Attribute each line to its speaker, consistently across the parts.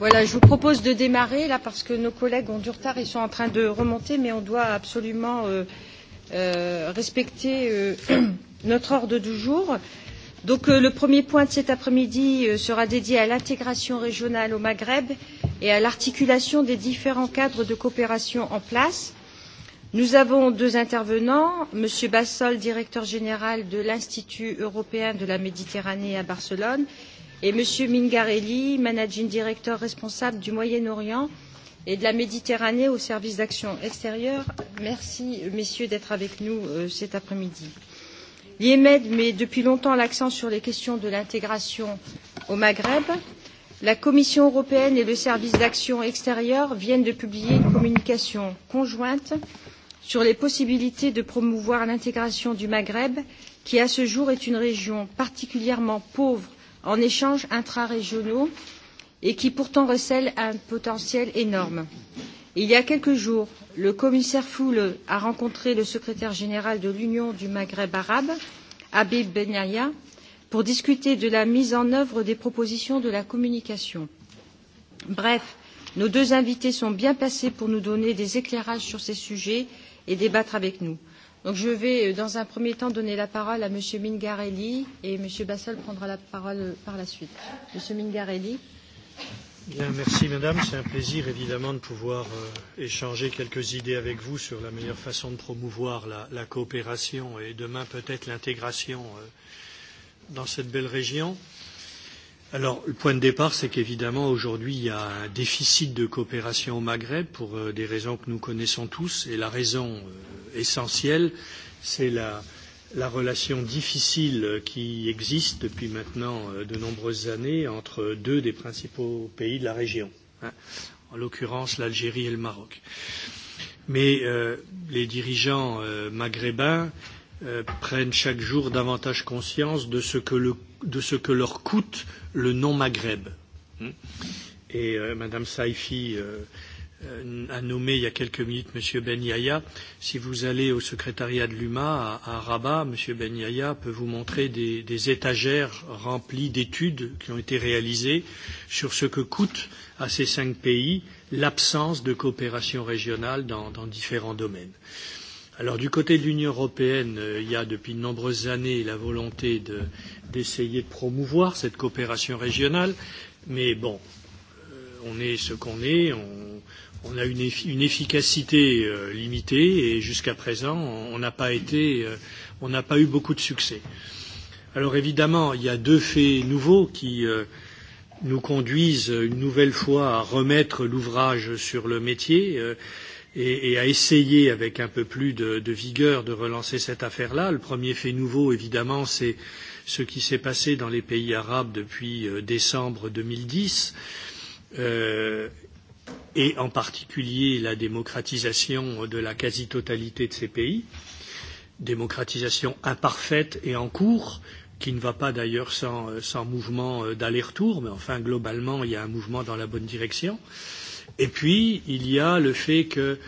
Speaker 1: Voilà, je vous propose de démarrer là parce que nos collègues ont du retard, ils sont en train de remonter, mais on doit absolument euh, euh, respecter euh, notre ordre du jour. Donc euh, le premier point de cet après-midi euh, sera dédié à l'intégration régionale au Maghreb et à l'articulation des différents cadres de coopération en place. Nous avons deux intervenants, M. Bassol, directeur général de l'Institut européen de la Méditerranée à Barcelone, et M. Mingarelli, managing director responsable du Moyen-Orient et de la Méditerranée au service d'action extérieure. Merci, messieurs, d'être avec nous cet après-midi. L'IEMED met depuis longtemps l'accent sur les questions de l'intégration au Maghreb. La Commission européenne et le service d'action extérieure viennent de publier une communication conjointe sur les possibilités de promouvoir l'intégration du Maghreb, qui à ce jour est une région particulièrement pauvre en échanges intrarégionaux et qui pourtant recèlent un potentiel énorme. Il y a quelques jours, le commissaire Foule a rencontré le secrétaire général de l'Union du Maghreb arabe, Habib Benaya, pour discuter de la mise en œuvre des propositions de la communication. Bref, nos deux invités sont bien placés pour nous donner des éclairages sur ces sujets et débattre avec nous. Donc je vais dans un premier temps donner la parole à M. Mingarelli et M. Bassol prendra la parole par la suite. M. Mingarelli.
Speaker 2: Bien, merci Madame. C'est un plaisir évidemment de pouvoir euh, échanger quelques idées avec vous sur la meilleure façon de promouvoir la, la coopération et demain peut-être l'intégration euh, dans cette belle région. Euh, Alors, le point de départ, c'est qu'évidemment, aujourd'hui, il y a un déficit de coopération au Maghreb pour des raisons que nous connaissons tous. Et la raison essentielle, c'est la, la relation difficile qui existe depuis maintenant de nombreuses années entre deux des principaux pays de la région, hein, en l'occurrence l'Algérie et le Maroc. Mais euh, les dirigeants euh, maghrébins euh, prennent chaque jour davantage conscience de ce que le de ce que leur coûte le non-Maghreb. Et euh, Madame Saifi euh, a nommé il y a quelques minutes Monsieur Ben Yahya. Si vous allez au secrétariat de l'UMA à, à Rabat, Monsieur Ben Yahya peut vous montrer des, des étagères remplies d'études qui ont été réalisées sur ce que coûte à ces cinq pays l'absence de coopération régionale dans, dans différents domaines. Euh, Alors du côté de l'Union européenne, il y a depuis de nombreuses années la volonté d'essayer de promouvoir cette coopération régionale, mais bon, on est ce qu'on est, on, a une, efficacité limitée et jusqu'à présent, on n'a pas été, on n'a pas eu beaucoup de succès. Alors évidemment, il y a deux faits nouveaux qui nous conduisent une nouvelle fois à remettre l'ouvrage sur le métier. Euh, et, à essayer avec un peu plus de, vigueur de relancer cette affaire-là. Le premier fait nouveau, évidemment, c'est ce qui s'est passé dans les pays arabes depuis décembre deux mille dix, et en particulier la démocratisation de la quasi-totalité de ces pays, démocratisation imparfaite et en cours, qui ne va pas d'ailleurs sans, mouvement d'aller-retour, mais enfin globalement il y a un mouvement dans la bonne direction. Euh, Et puis, il y a le fait que,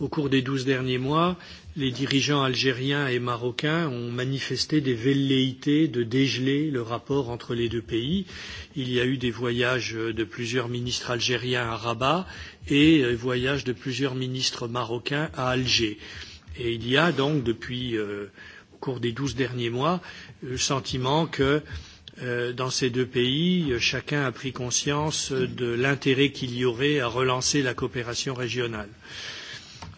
Speaker 2: au cours des douze derniers mois, les dirigeants algériens et marocains ont manifesté des velléités de dégeler le rapport entre les deux pays. Il y a eu des voyages de plusieurs ministres algériens à Rabat et des voyages de plusieurs ministres marocains à Alger. Et il y a donc, depuis, au cours des douze derniers mois, le sentiment que euh, dans ces deux pays, chacun a pris conscience de l'intérêt qu'il y aurait à relancer la coopération régionale.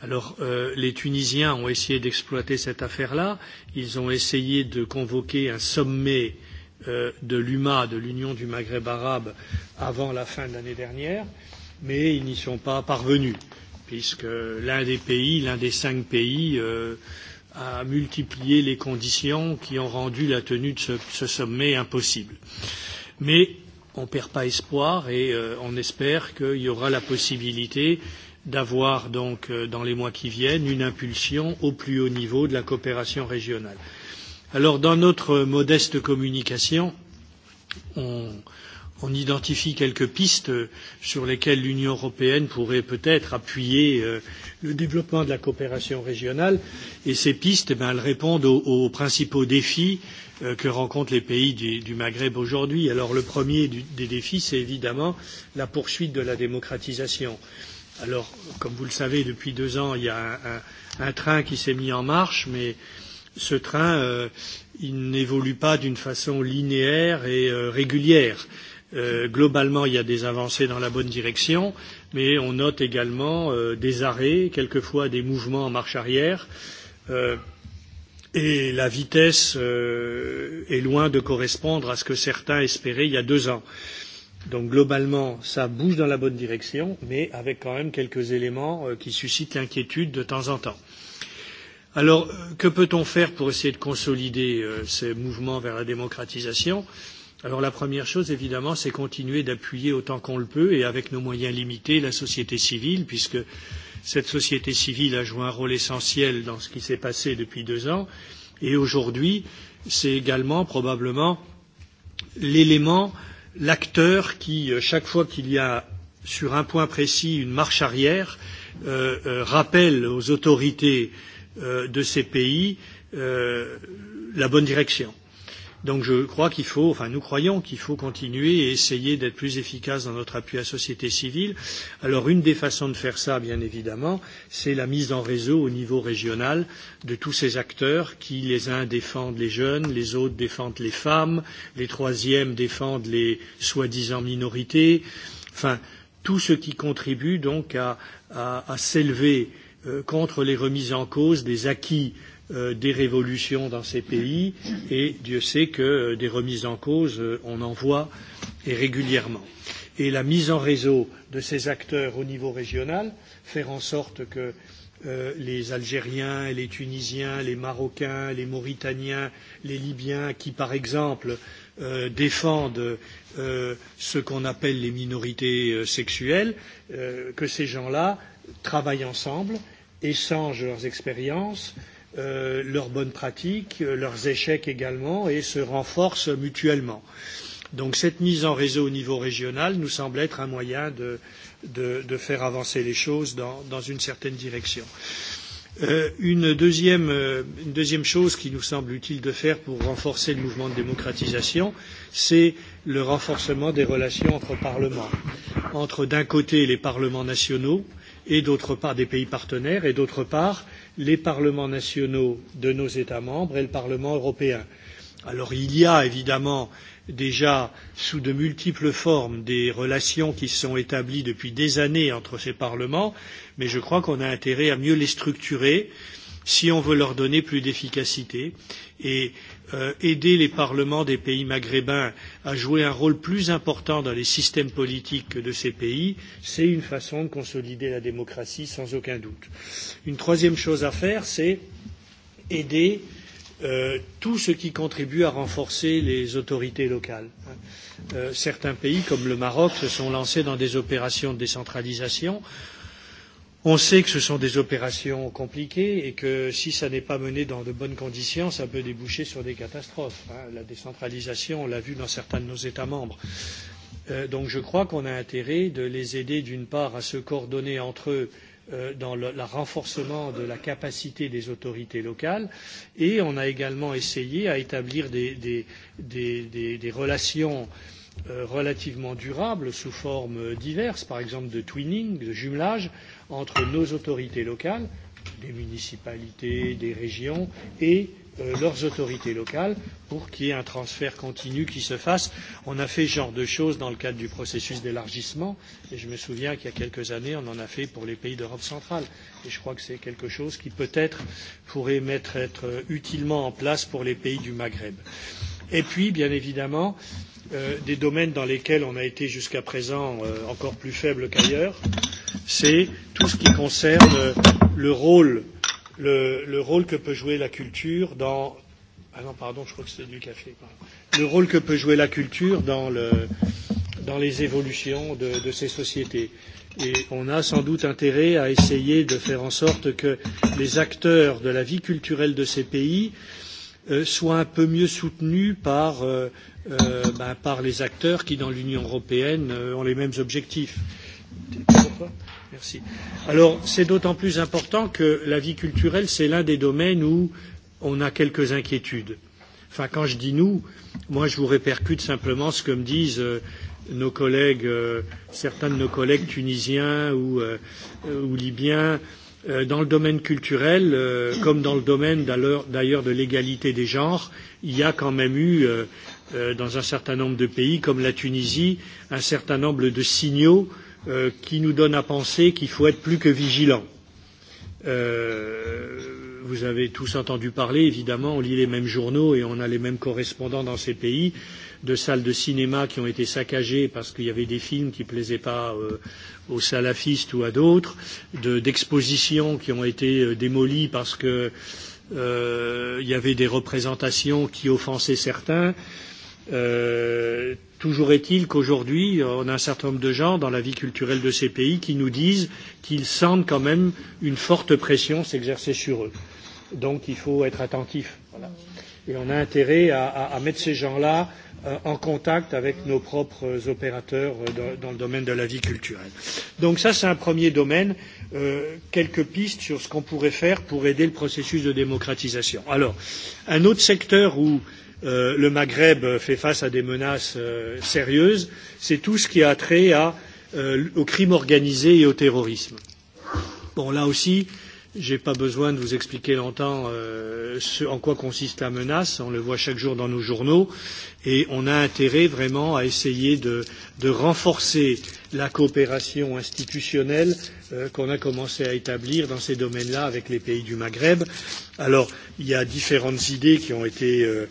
Speaker 2: Alors, les Tunisiens ont essayé d'exploiter cette affaire-là. Ils ont essayé de convoquer un sommet de l'UMA, de l'Union du Maghreb arabe, avant la fin de l'année dernière, mais ils n'y sont pas parvenus, puisque l'un des pays, l'un des cinq pays, à multiplier les conditions qui ont rendu la tenue de ce, ce sommet impossible. Mais on ne perd pas espoir et euh, on espère qu'il y aura la possibilité d'avoir donc dans les mois qui viennent une impulsion au plus haut niveau de la coopération régionale. Alors dans notre modeste communication, on, euh, on identifie quelques pistes sur lesquelles l'Union européenne pourrait peut-être appuyer le développement de la coopération régionale. Et ces pistes, elles répondent aux, principaux défis que rencontrent les pays du, Maghreb aujourd'hui. Alors le premier des défis, c'est évidemment la poursuite de la démocratisation. Alors, comme vous le savez, depuis deux ans, il y a un, train qui s'est mis en marche, mais ce train, il n'évolue pas d'une façon linéaire et régulière. Euh, globalement, il y a des avancées dans la bonne direction, mais on note également des arrêts, quelquefois des mouvements en marche arrière. et la vitesse est loin de correspondre à ce que certains espéraient il y a deux ans. Donc globalement, ça bouge dans la bonne direction, mais avec quand même quelques éléments qui suscitent l'inquiétude de temps en temps. Alors, que peut-on faire pour essayer de consolider ces mouvements vers la démocratisation euh, Alors la première chose, évidemment, c'est continuer d'appuyer autant qu'on le peut et avec nos moyens limités la société civile, puisque cette société civile a joué un rôle essentiel dans ce qui s'est passé depuis deux ans. Et aujourd'hui, c'est également probablement l'élément, l'acteur qui, chaque fois qu'il y a sur un point précis une marche arrière, rappelle aux autorités de ces pays la bonne direction Donc je crois qu'il faut, enfin nous croyons qu'il faut continuer et essayer d'être plus efficace dans notre appui à la société civile. Alors une des façons de faire ça, bien évidemment, c'est la mise en réseau au niveau régional de tous ces acteurs qui, les uns défendent les jeunes, les autres défendent les femmes, les troisièmes défendent les soi-disant minorités, enfin tout ce qui contribue donc à, à, à s'élever contre les remises en cause des acquis des révolutions dans ces pays et Dieu sait que des remises en cause, on en voit et régulièrement. Et la mise en réseau de ces acteurs au niveau régional, faire en sorte que les Algériens, les Tunisiens, les Marocains, les Mauritaniens, les Libyens, qui par exemple défendent ce qu'on appelle les minorités sexuelles, que ces gens-là travaillent ensemble, échangent leurs expériences, leurs bonnes pratiques, leurs échecs également, et se renforcent mutuellement. Donc cette mise en réseau au niveau régional nous semble être un moyen de, faire avancer les choses dans, une certaine direction. une, deuxième, chose qui nous semble utile de faire pour renforcer le mouvement de démocratisation, c'est le renforcement des relations entre parlements, entre d'un côté les parlements nationaux, euh, et d'autre part des pays partenaires et d'autre part les parlements nationaux de nos États membres et le Parlement européen. Alors il y a évidemment déjà sous de multiples formes des relations qui sont établies depuis des années entre ces parlements, mais je crois qu'on a intérêt à mieux les structurer si on veut leur donner plus d'efficacité. Et aider les parlements des pays maghrébins à jouer un rôle plus important dans les systèmes politiques de ces pays, c'est une façon de consolider la démocratie sans aucun doute. Une troisième chose à faire, c'est aider tout ce qui contribue à renforcer les autorités locales. certains pays, comme le Maroc, se sont lancés dans des opérations de décentralisation. On sait que ce sont des opérations compliquées et que si ça n'est pas mené dans de bonnes conditions, ça peut déboucher sur des catastrophes. Hein. La décentralisation, on l'a vu dans certains de nos États membres. Euh, donc je crois qu'on a intérêt de les aider d'une part à se coordonner entre eux dans le, renforcement de la capacité des autorités locales et on a également essayé à établir des, relations relativement durables sous forme diverses, par exemple de twinning, de jumelage, euh, entre nos autorités locales, des municipalités, des régions et leurs autorités locales pour qu'il y ait un transfert continu qui se fasse. On a fait ce genre de choses dans le cadre du processus d'élargissement et je me souviens qu'il y a quelques années, on en a fait pour les pays d'Europe centrale. Et je crois que c'est quelque chose qui peut-être pourrait être utilement en place pour les pays du Maghreb. Et puis, bien évidemment, euh, des domaines dans lesquels on a été jusqu'à présent encore plus faible qu'ailleurs, c'est tout ce qui concerne le rôle, le, rôle que peut jouer la culture dans ah non pardon je crois que c'est du café le rôle que peut jouer la culture dans, le, dans les évolutions de, de ces sociétés. Et on a sans doute intérêt à essayer de faire en sorte que les acteurs de la vie culturelle de ces pays soit un peu mieux soutenu par, les acteurs qui, dans l'Union européenne, ont les mêmes objectifs. Alors, c'est d'autant plus important que la vie culturelle, c'est l'un des domaines où on a quelques inquiétudes. Enfin, quand je dis nous, moi, je vous répercute simplement ce que me disent nos collègues, certains de nos collègues tunisiens ou, libyens, dans le domaine culturel, comme dans le domaine d'ailleurs de l'égalité des genres, il y a quand même eu, dans un certain nombre de pays, comme la Tunisie, un certain nombre de signaux qui nous donnent à penser qu'il faut être plus que vigilant. Euh, vous avez tous entendu parler, évidemment, on lit les mêmes journaux et on a les mêmes correspondants dans ces pays, de salles de cinéma qui ont été saccagées parce qu'il y avait des films qui ne plaisaient pas aux salafistes ou à d'autres, d'expositions qui ont été démolies parce qu'il y avait des représentations qui offensaient certains. Toujours est-il qu'aujourd'hui, on a un certain nombre de gens dans la vie culturelle de ces pays qui nous disent qu'ils sentent quand même une forte pression s'exercer sur eux donc il faut être attentif. Voilà. Et on a intérêt à, à, à mettre ces gens-là euh, en contact avec nos propres opérateurs euh, dans, dans le domaine de la vie culturelle. Donc ça, c'est un premier domaine. Euh, quelques pistes sur ce qu'on pourrait faire pour aider le processus de démocratisation. Alors, un autre secteur où euh, le Maghreb fait face à des menaces euh, sérieuses, c'est tout ce qui a trait à, euh, au crime organisé et au terrorisme. Bon, là aussi, euh, Je n'ai pas besoin de vous expliquer longtemps ce, en quoi consiste la menace. On le voit chaque jour dans nos journaux. Et on a intérêt vraiment à essayer de, de renforcer la coopération institutionnelle qu'on a commencé à établir dans ces domaines-là avec les pays du Maghreb. Alors, il y a différentes idées qui ont été. Euh,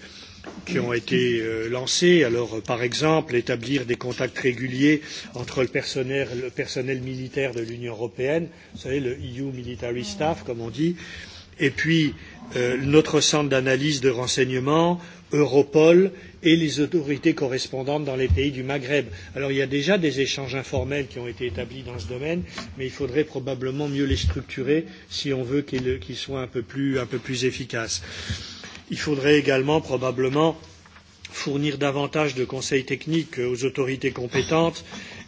Speaker 2: qui ont été lancés, Alors, par exemple, établir des contacts réguliers entre le personnel, le personnel militaire de l'Union européenne, vous savez, le EU Military Staff, comme on dit, et puis notre centre d'analyse de renseignement, Europol et les autorités correspondantes dans les pays du Maghreb. Alors il y a déjà des échanges informels qui ont été établis dans ce domaine, mais il faudrait probablement mieux les structurer si on veut qu'ils soient un peu plus, efficaces. Euh, Il faudrait également probablement fournir davantage de conseils techniques aux autorités compétentes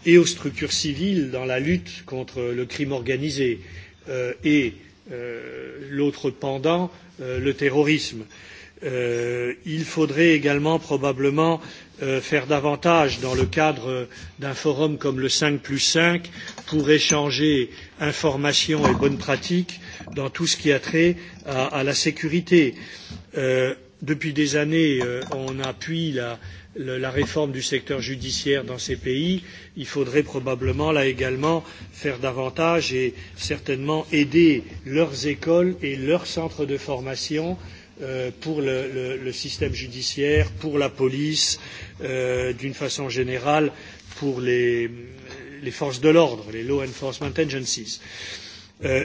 Speaker 2: et aux structures civiles dans la lutte contre le crime organisé et l'autre pendant, le terrorisme. il faudrait également probablement faire davantage dans le cadre d'un forum comme le cinq plus cinq pour échanger informations et bonnes pratiques dans tout ce qui a trait à, la sécurité. depuis des années, on appuie la, réforme du secteur judiciaire dans ces pays. Il faudrait probablement, là également, faire davantage et certainement aider leurs écoles et leurs centres de formation pour le, système judiciaire, pour la police, d'une façon générale, pour les, forces de l'ordre, les law enforcement agencies. Euh,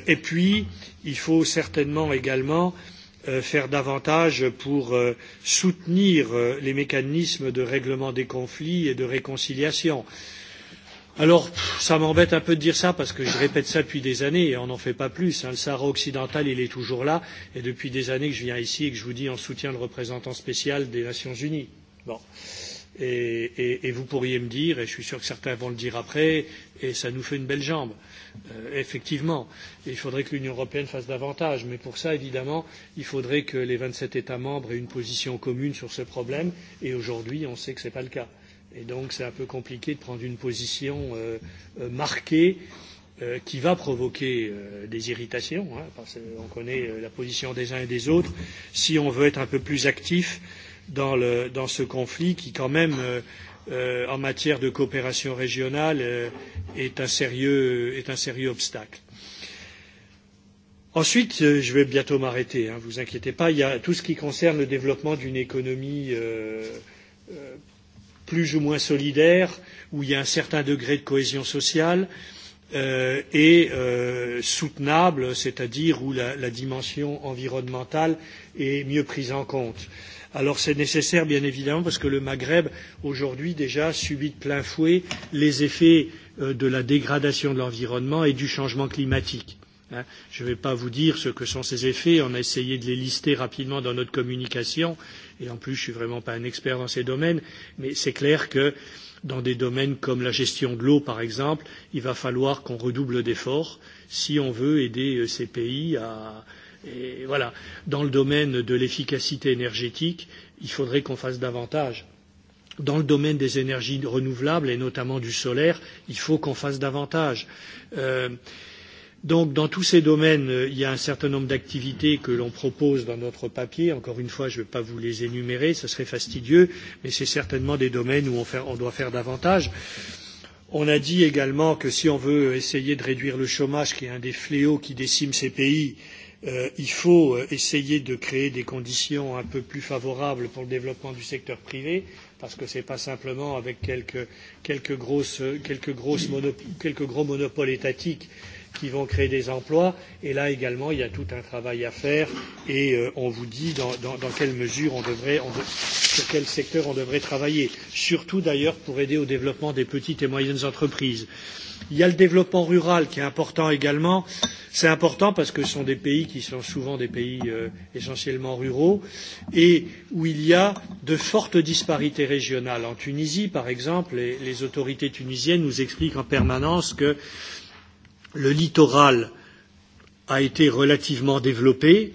Speaker 2: et puis, il faut certainement également faire davantage pour soutenir les mécanismes de règlement des conflits et de réconciliation. Alors, ça m'embête un peu de dire ça parce que je répète ça depuis des années et on n'en fait pas plus. Le Sahara occidental, il est toujours là et depuis des années que je viens ici et que je vous dis en soutien le représentant spécial des Nations unies. Bon. Euh, Et, et, et vous pourriez me dire, et je suis sûr que certains vont le dire après, et ça nous fait une belle jambe. Euh, effectivement, il faudrait que l'Union européenne fasse davantage, mais pour ça, évidemment, il faudrait que les 27 États membres aient une position commune sur ce problème, et aujourd'hui, on sait que ce n'est pas le cas. Et donc, c'est un peu compliqué de prendre une position euh, marquée qui va provoquer des irritations, hein, parce qu'on connaît la position des uns et des autres. Si on veut être un peu plus actif, dans, le, dans ce conflit qui, quand même, euh, en matière de coopération régionale, euh, est, un sérieux, est un sérieux obstacle. Ensuite, je vais bientôt m'arrêter, ne vous inquiétez pas, il y a tout ce qui concerne le développement d'une économie plus ou moins solidaire, où il y a un certain degré de cohésion sociale et soutenable, c'est-à-dire où la, dimension environnementale est mieux prise en compte. Euh, Alors c'est nécessaire, bien évidemment, parce que le Maghreb, aujourd'hui déjà, subit de plein fouet les effets de la dégradation de l'environnement et du changement climatique. Je ne vais pas vous dire ce que sont ces effets, on a essayé de les lister rapidement dans notre communication, et en plus je ne suis vraiment pas un expert dans ces domaines, mais c'est clair que dans des domaines comme la gestion de l'eau, par exemple, il va falloir qu'on redouble d'efforts si on veut aider ces pays à, Et voilà. Dans le domaine de l'efficacité énergétique, il faudrait qu'on fasse davantage. Dans le domaine des énergies renouvelables et notamment du solaire, il faut qu'on fasse davantage. Euh, donc, dans tous ces domaines, il y a un certain nombre d'activités que l'on propose dans notre papier. Encore une fois, je ne vais pas vous les énumérer, ce serait fastidieux, mais c'est certainement des domaines où on, fait, on doit faire davantage. On a dit également que si on veut essayer de réduire le chômage, qui est un des fléaux qui décime ces pays, euh, il faut essayer de créer des conditions un peu plus favorables pour le développement du secteur privé, parce que ce n'est pas simplement avec quelques, quelques, grosses, quelques, grosses quelques gros monopoles étatiques qui vont créer des emplois. Et là également, il y a tout un travail à faire et euh, on vous dit dans, dans, dans quelle mesure on devrait, on de, sur quel secteur on devrait travailler. Surtout d'ailleurs pour aider au développement des petites et moyennes entreprises. Il y a le développement rural qui est important également. C'est important parce que ce sont des pays qui sont souvent des pays essentiellement ruraux et où il y a de fortes disparités régionales. En Tunisie, par exemple, les, autorités tunisiennes nous expliquent en permanence que le littoral a été relativement développé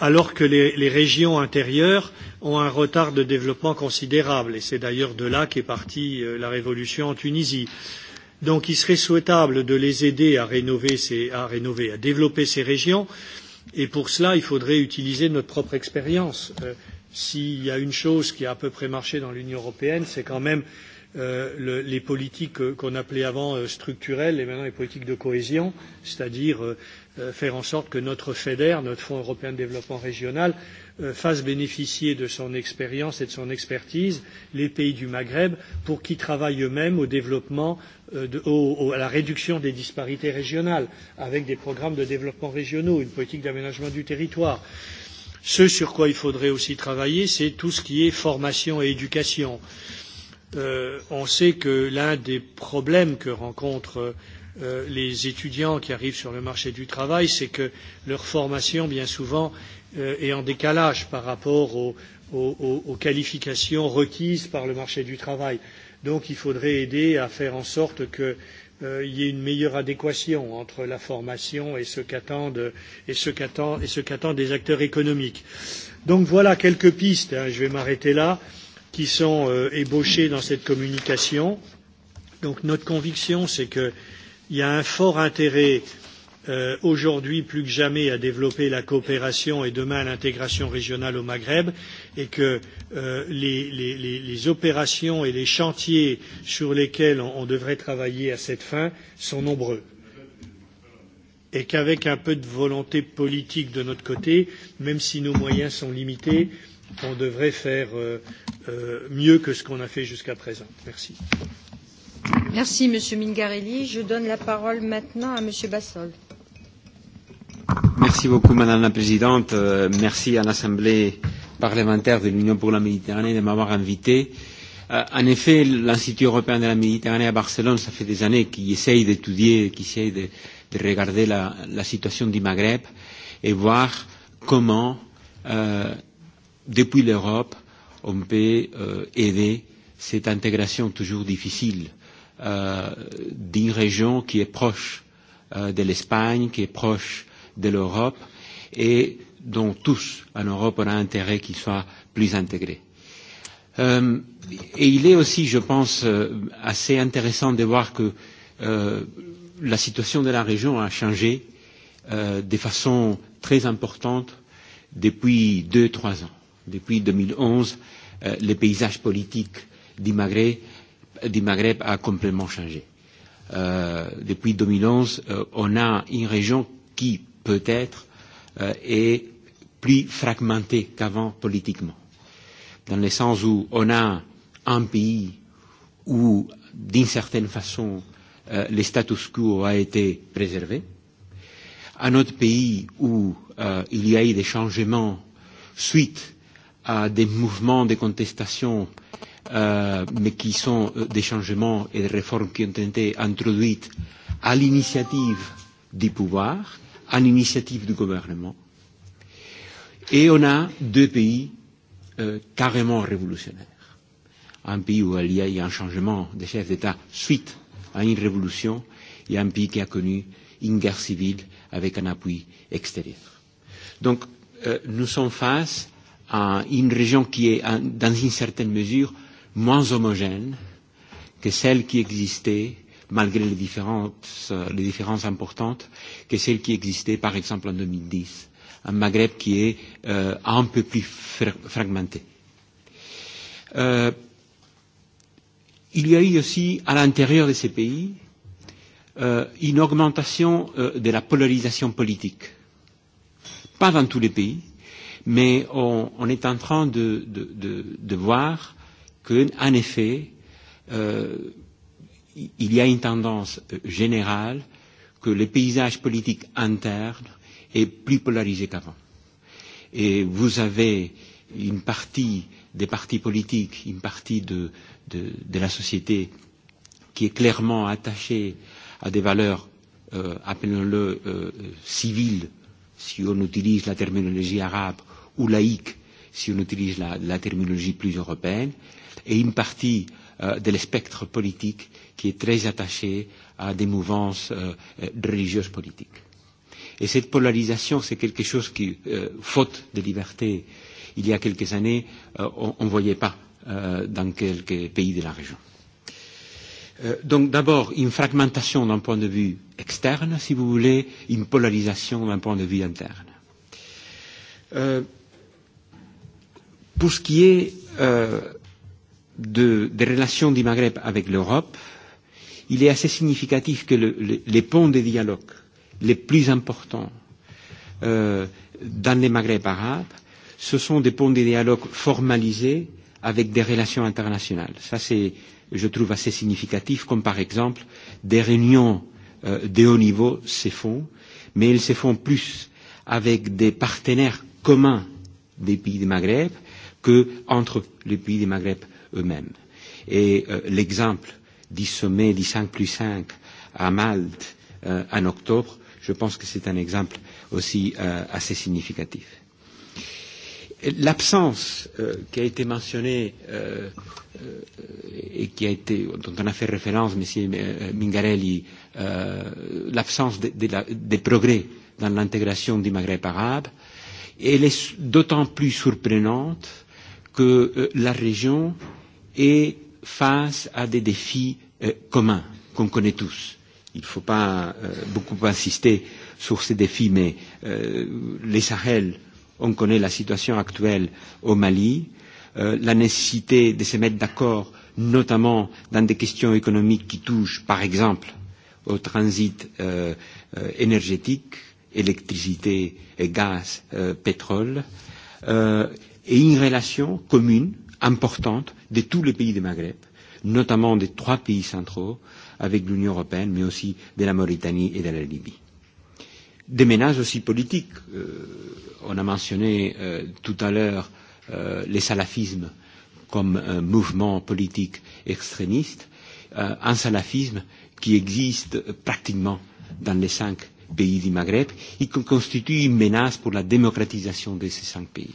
Speaker 2: alors que les, les régions intérieures ont un retard de développement considérable, et c'est d'ailleurs de là qu'est partie la révolution en Tunisie. Donc il serait souhaitable de les aider à rénover, ces, à, rénover à développer ces régions, et pour cela, il faudrait utiliser notre propre expérience. Euh, S'il y a une chose qui a à peu près marché dans l'Union européenne, c'est quand même les politiques qu'on appelait avant structurelles et maintenant les politiques de cohésion, c'est-à-dire faire en sorte que notre FEDER, notre Fonds européen de développement régional, fasse bénéficier de son expérience et de son expertise les pays du Maghreb pour qu'ils travaillent eux-mêmes au développement, à la réduction des disparités régionales avec des programmes de développement régionaux, une politique d'aménagement du territoire. Ce sur quoi il faudrait aussi travailler, c'est tout ce qui est formation et éducation. Euh, on sait que l'un des problèmes que rencontrent les étudiants qui arrivent sur le marché du travail, c'est que leur formation, bien souvent, est en décalage par rapport aux, qualifications requises par le marché du travail. Donc il faudrait aider à faire en sorte qu'il y ait une meilleure adéquation entre la formation et ce qu'attendent, les acteurs économiques. Donc voilà quelques pistes, je vais m'arrêter là qui sont ébauchés dans cette communication. Donc notre conviction, c'est qu'il y a un fort intérêt aujourd'hui plus que jamais à développer la coopération et demain l'intégration régionale au Maghreb et que les, opérations et les chantiers sur lesquels on, devrait travailler à cette fin sont nombreux et qu'avec un peu de volonté politique de notre côté, même si nos moyens sont limités, on devrait faire mieux que ce qu'on a fait jusqu'à présent. Merci.
Speaker 1: Merci Monsieur Mingarelli. Je donne la parole maintenant à Monsieur Bassol.
Speaker 3: Merci beaucoup Madame la Présidente. merci à l'Assemblée parlementaire de l'Union pour la Méditerranée de m'avoir invité. en effet, l'Institut européen de la Méditerranée à Barcelone, ça fait des années qu'il essaye d'étudier, qu'il essaye de, de regarder la, la situation du Maghreb et voir comment euh, depuis l'Europe, on peut euh, aider cette intégration toujours difficile euh, d'une région qui est proche euh, de l'Espagne, qui est proche de l'Europe, et dont tous, en Europe, on a intérêt qu'ils soient plus intégrés. Euh, et il est aussi, je pense, euh, assez intéressant de voir que euh, la situation de la région a changé euh, de façon très importante depuis deux, trois ans depuis 2011, euh, le paysage politique du Maghreb, du Maghreb a complètement changé. Euh, depuis 2011, euh, on a une région qui, peut-être, euh, est plus fragmentée qu'avant politiquement, dans le sens où on a un pays où, d'une certaine façon, euh, le status quo a été préservé, un autre pays où euh, il y a eu des changements suite à des mouvements de contestation, euh, mais qui sont des changements et des réformes qui ont été introduites à l'initiative du pouvoir, à l'initiative du gouvernement. Et on a deux pays euh, carrément révolutionnaires. Un pays où il y a un changement de chef d'État suite à une révolution et un pays qui a connu une guerre civile avec un appui extérieur. Donc, euh, nous sommes face à une région qui est, dans une certaine mesure, moins homogène que celle qui existait, malgré les différences, les différences importantes, que celle qui existait, par exemple, en 2010. Un Maghreb qui est euh, un peu plus fragmenté. Euh, il y a eu aussi, à l'intérieur de ces pays, euh, une augmentation euh, de la polarisation politique. Pas dans tous les pays, Mais on, on est en train de, de, de, de voir qu'en effet, euh, il y a une tendance générale que le paysage politique interne est plus polarisé qu'avant. Et vous avez une partie des partis politiques, une partie de, de, de la société qui est clairement attachée à des valeurs, euh, appelons-le euh, civiles, si on utilise la terminologie arabe, ou laïque, si on utilise la, la terminologie plus européenne, et une partie euh, de spectre politique qui est très attachée à des mouvances euh, religieuses politiques. Et cette polarisation, c'est quelque chose qui, euh, faute de liberté, il y a quelques années, euh, on ne voyait pas euh, dans quelques pays de la région. Euh, donc d'abord, une fragmentation d'un point de vue externe, si vous voulez, une polarisation d'un point de vue interne. Euh, Pour ce qui est euh, de, des relations du Maghreb avec l'Europe, il est assez significatif que le, le, les ponts de dialogue les plus importants euh, dans les Maghreb arabes, ce sont des ponts de dialogue formalisés avec des relations internationales. Ça, c'est, je trouve, assez significatif, comme par exemple des réunions euh, de haut niveau se font, mais elles se font plus avec des partenaires communs des pays du Maghreb qu'entre les pays du Maghreb eux-mêmes. Et euh, l'exemple du sommet du 5 plus 5 à Malte euh, en octobre, je pense que c'est un exemple aussi euh, assez significatif. L'absence euh, qui a été mentionnée euh, euh, et qui a été, dont on a fait référence, M. Mingarelli, euh, l'absence de, de la, des progrès dans l'intégration du Maghreb arabe, elle est d'autant plus surprenante euh, que la région est face à des défis communs qu'on connaît tous. Il ne faut pas beaucoup insister sur ces défis, mais les Sahel, on connaît la situation actuelle au Mali, la nécessité de se mettre d'accord, notamment dans des questions économiques qui touchent, par exemple, au transit énergétique, électricité, gaz, pétrole, et une relation commune, importante, de tous les pays du Maghreb, notamment des trois pays centraux, avec l'Union européenne, mais aussi de la Mauritanie et de la Libye. Des menaces aussi politiques. Euh, on a mentionné euh, tout à l'heure euh, les salafismes comme un mouvement politique extrémiste, euh, un salafisme qui existe pratiquement dans les cinq pays du Maghreb et qui constitue une menace pour la démocratisation de ces cinq pays.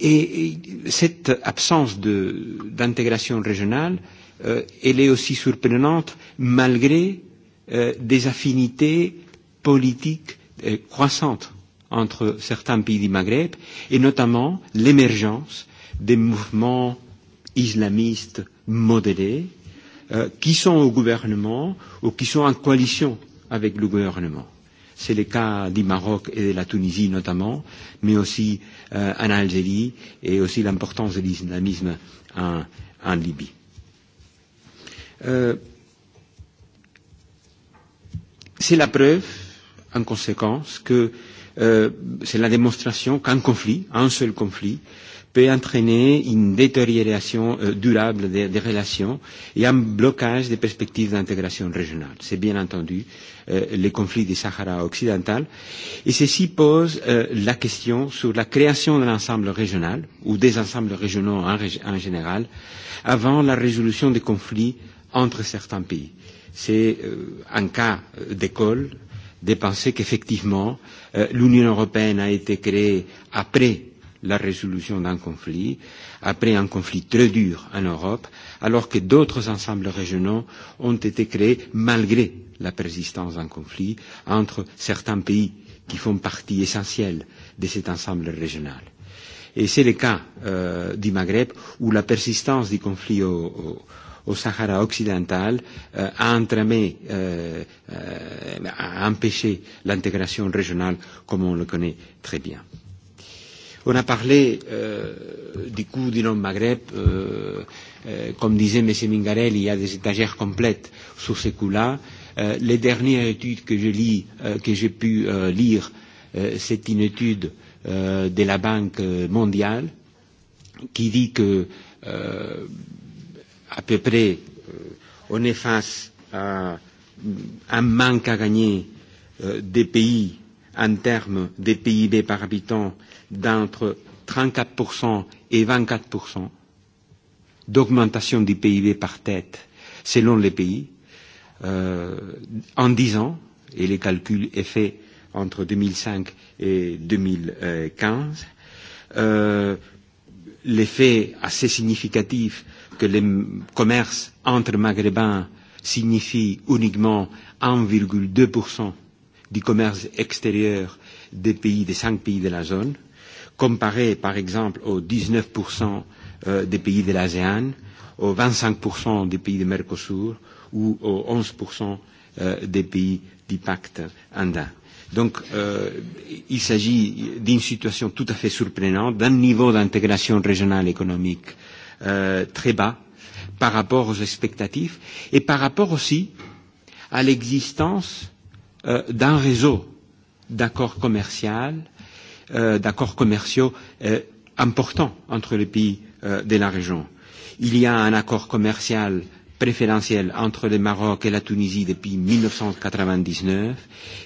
Speaker 3: Et cette absence d'intégration régionale, euh, elle est aussi surprenante malgré euh, des affinités politiques euh, croissantes entre certains pays du Maghreb et notamment l'émergence des mouvements islamistes modérés euh, qui sont au gouvernement ou qui sont en coalition avec le gouvernement. C'est le cas du Maroc et de la Tunisie notamment, mais aussi euh, en Algérie et aussi l'importance de l'islamisme en, en Libye. Euh, c'est la preuve, en conséquence, que euh, c'est la démonstration qu'un conflit, un seul conflit, euh, peut entraîner une détérioration euh, durable des, des relations et un blocage des perspectives d'intégration régionale. C'est bien entendu euh, les conflits du Sahara occidental. Et ceci pose euh, la question sur la création d'un ensemble régional ou des ensembles régionaux en, en général avant la résolution des conflits entre certains pays. C'est euh, un cas d'école de penser qu'effectivement euh, l'Union européenne a été créée après la résolution d'un conflit, après un conflit très dur en Europe, alors que d'autres ensembles régionaux ont été créés malgré la persistance d'un conflit entre certains pays qui font partie essentielle de cet ensemble régional. Et c'est le cas euh, du Maghreb où la persistance du conflit au, au, au Sahara occidental euh, a entraîné, euh, euh, a empêché l'intégration régionale comme on le connaît très bien. On a parlé euh, du coût du non-Maghreb. Euh, euh, comme disait M. Mingarel, il y a des étagères complètes sur ces coûts-là. Euh, les dernières études que j'ai euh, pu euh, lire, euh, c'est une étude euh, de la Banque mondiale qui dit que euh, à peu près euh, on est face à un manque à gagner euh, des pays en termes des PIB par habitant euh, d'entre 34% et 24% d'augmentation du PIB par tête selon les pays euh, en 10 ans, et le calcul est fait entre 2005 et 2015. Euh, L'effet assez significatif que les commerces entre maghrébins signifie uniquement 1,2% du commerce extérieur des pays, des cinq pays de la zone, euh, comparé par exemple aux 19% euh, des pays de l'ASEAN, aux 25% des pays du Mercosur ou aux 11% euh, des pays du pacte andin. Donc euh, il s'agit d'une situation tout à fait surprenante, d'un niveau d'intégration régionale économique euh, très bas par rapport aux expectatives et par rapport aussi à l'existence euh, d'un réseau d'accords commerciaux euh, d'accords commerciaux euh, importants entre les pays euh, de la région. Il y a un accord commercial préférentiel entre le Maroc et la Tunisie depuis 1999.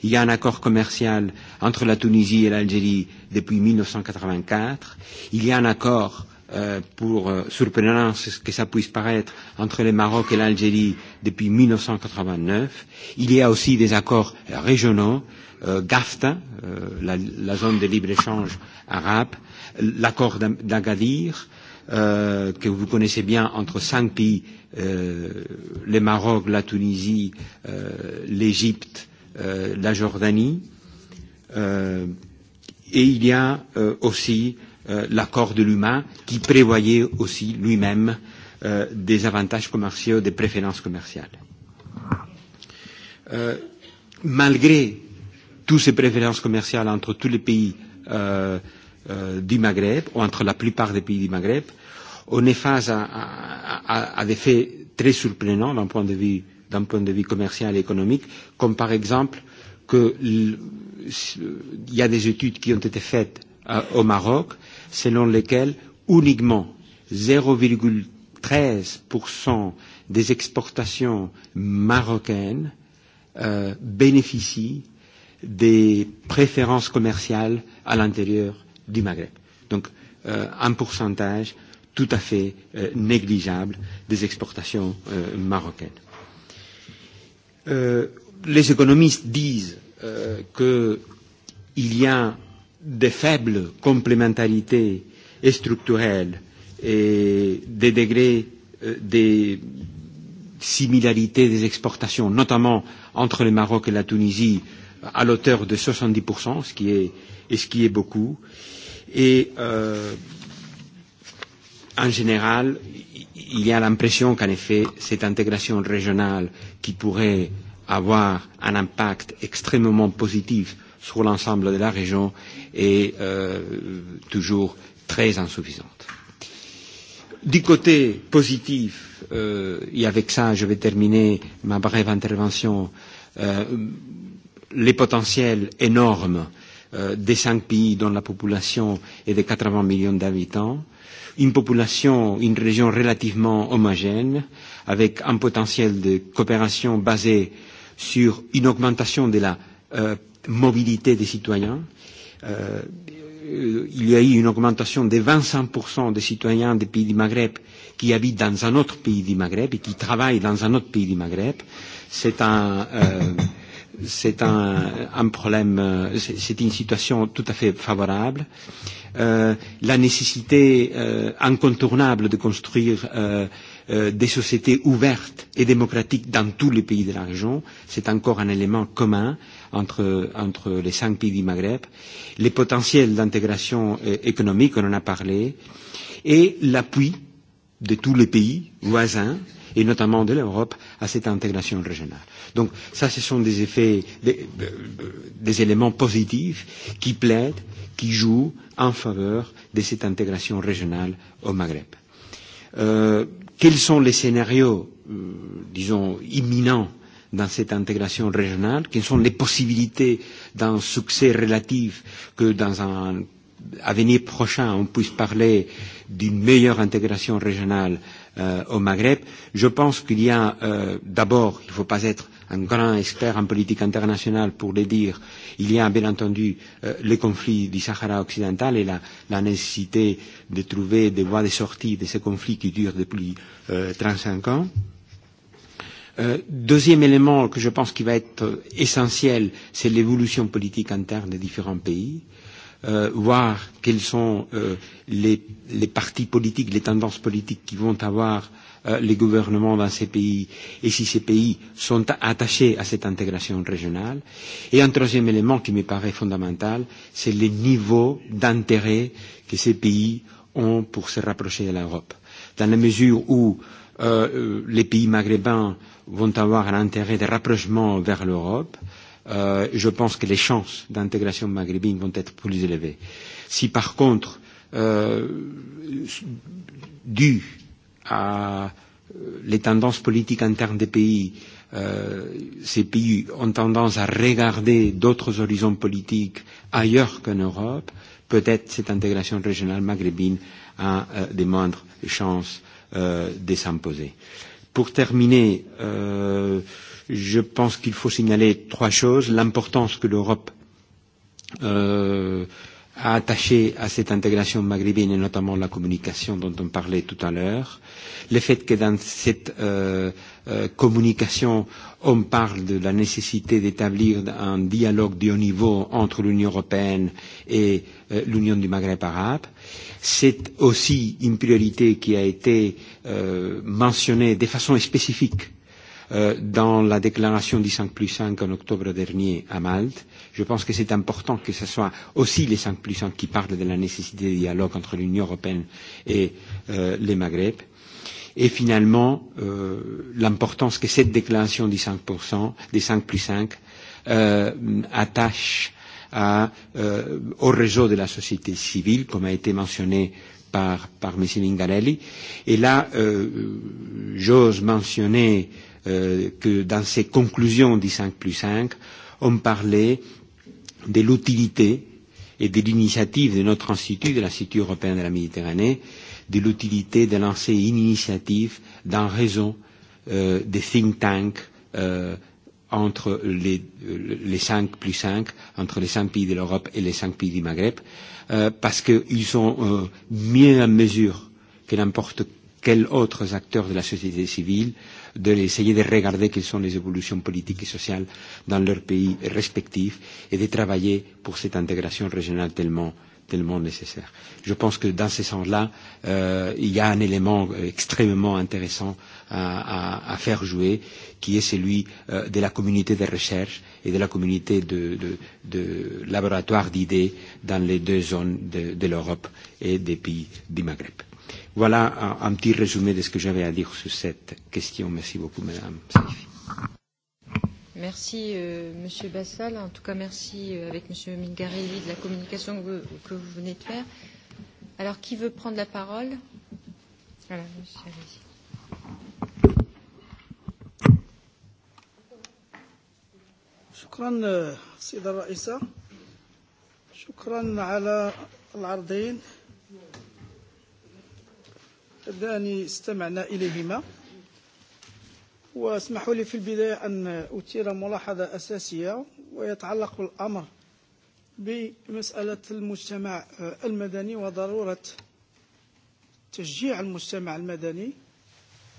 Speaker 3: Il y a un accord commercial entre la Tunisie et l'Algérie depuis 1984. Il y a un accord euh, pour euh, surprenant ce que ça puisse paraître entre le Maroc et l'Algérie depuis 1989. Il y a aussi des accords régionaux euh, euh, GAFTA, euh, la, la zone de libre-échange arabe, l'accord d'Agadir, euh, que vous connaissez bien entre cinq pays, euh, le Maroc, la Tunisie, euh, l'Égypte, euh, la Jordanie. Euh, et il y a euh, aussi euh, l'accord de l'humain qui prévoyait aussi lui-même euh, des avantages commerciaux, des préférences commerciales. Euh, malgré toutes ces préférences commerciales entre tous les pays euh, euh, du Maghreb, ou entre la plupart des pays du Maghreb, on est face à, à, à des faits très surprenants d'un point, de vue, point de vue commercial et économique, comme par exemple qu'il y a des études qui ont été faites euh, au Maroc, selon lesquelles uniquement 0,13% des exportations marocaines euh, bénéficient des préférences commerciales à l'intérieur du Maghreb. Donc euh, un pourcentage tout à fait euh, négligeable des exportations euh, marocaines. Euh, les économistes disent euh, qu'il y a des faibles complémentarités et structurelles et des degrés euh, des similarités des exportations, notamment entre le Maroc et la Tunisie, euh, à l'auteur de 70%, ce qui est, et ce qui est beaucoup. Et euh, en général, il y a l'impression qu'en effet, cette intégration régionale qui pourrait avoir un impact extrêmement positif sur l'ensemble de la région est euh, toujours très insuffisante. Du côté positif, euh, et avec ça je vais terminer ma brève intervention, euh, les potentiels énormes des cinq pays dont la population est de 80 millions d'habitants, une population, une région relativement homogène, avec un potentiel de coopération basé sur une augmentation de la euh, mobilité des citoyens. Euh, il y a eu une augmentation de 25% des citoyens des pays du Maghreb qui habitent dans un autre pays du Maghreb et qui travaillent dans un autre pays du Maghreb. C'est un, euh, c'est un, un problème, c'est une situation tout à fait favorable. Euh, la nécessité euh, incontournable de construire euh, euh, des sociétés ouvertes et démocratiques dans tous les pays de la région, c'est encore un élément commun entre, entre les cinq pays du Maghreb. Les potentiels d'intégration euh, économique, on en a parlé, et l'appui de tous les pays voisins euh, et notamment de l'Europe, à cette intégration régionale. Donc ça, ce sont des effets, des, des éléments positifs qui plaident, qui jouent en faveur de cette intégration régionale au Maghreb. Euh, quels sont les scénarios, euh, disons, imminents dans cette intégration régionale, quelles sont les possibilités d'un succès relatif que dans un avenir prochain on puisse parler d'une meilleure intégration régionale euh, au Maghreb. Je pense qu'il y a euh, d'abord, il ne faut pas être un grand expert en politique internationale pour le dire, il y a bien entendu euh, le conflit du Sahara occidental et la, la nécessité de trouver des voies de sortie de ces conflits qui durent depuis euh, 35 ans. Euh, deuxième élément que je pense qui va être essentiel, c'est l'évolution politique interne des différents pays. Euh, voir quelles sont les, partis politiques, les tendances politiques qui vont avoir les gouvernements dans ces pays et si ces pays sont attachés à cette intégration régionale. Et un troisième élément qui me paraît fondamental, c'est le niveau d'intérêt que ces pays ont pour se rapprocher de l'Europe. Dans la mesure où les pays maghrébins vont avoir un intérêt de rapprochement vers l'Europe, euh, euh, je pense que les chances d'intégration maghrébine vont être plus élevées. Si par contre, euh, dû à les tendances politiques internes des pays, euh, ces pays ont tendance à regarder d'autres horizons politiques ailleurs qu'en Europe, peut-être cette intégration régionale maghrébine a euh, des moindres chances euh, de s'imposer. Pour terminer, euh, euh, Je pense qu'il faut signaler trois choses. L'importance que l'Europe euh, a attachée à cette intégration maghrébine et notamment la communication dont on parlait tout à l'heure. Le fait que dans cette euh, euh, communication, on parle de la nécessité d'établir un dialogue de haut niveau entre l'Union européenne et euh, l'Union du Maghreb arabe. C'est aussi une priorité qui a été euh, mentionnée de façon spécifique dans la déclaration du 5 plus 5 en octobre dernier à Malte. Je pense que c'est important que ce soit aussi les 5 plus 5 qui parlent de la nécessité de dialogue entre l'Union européenne et euh, les Maghreb. Et finalement, euh, l'importance que cette déclaration des 5%, des 5 plus 5, euh, attache à, euh, au réseau de la société civile, comme a été mentionné par, par M. Mingarelli. Et là, euh, j'ose mentionner euh, que dans ses conclusions du 5 plus 5, on parlait de l'utilité et de l'initiative de notre institut, de l'Institut européen de la Méditerranée, de l'utilité de lancer une initiative dans raison euh, des think tanks euh, entre les, les 5 plus 5, entre les 5 pays de l'Europe et les 5 pays du Maghreb, euh, parce qu'ils sont euh, mieux en mesure que n'importe quels autres acteurs de la société civile, d'essayer de regarder quelles sont les évolutions politiques et sociales dans leurs pays respectifs et de travailler pour cette intégration régionale tellement tellement nécessaire. Je pense que dans ce sens-là, euh, il y a un élément extrêmement intéressant à, à, à faire jouer, qui est celui euh, de la communauté de recherche et de la communauté de, de, de laboratoires d'idées dans les deux zones de, de l'Europe et des pays du Maghreb. Voilà un, un petit résumé de ce que j'avais à dire sur cette question. Merci beaucoup, Madame
Speaker 1: Merci, euh, Monsieur Bassal. En tout cas, merci euh, avec Monsieur Mingarelli de la communication que vous, que vous venez de faire. Alors, qui veut prendre la parole Voilà, Monsieur, allez-y.
Speaker 4: شكرا سيد الرئيس شكرا على العرضين اللذان استمعنا إليهما واسمحوا لي في البداية أن أثير ملاحظة أساسية ويتعلق الأمر بمسألة المجتمع المدني وضرورة تشجيع المجتمع المدني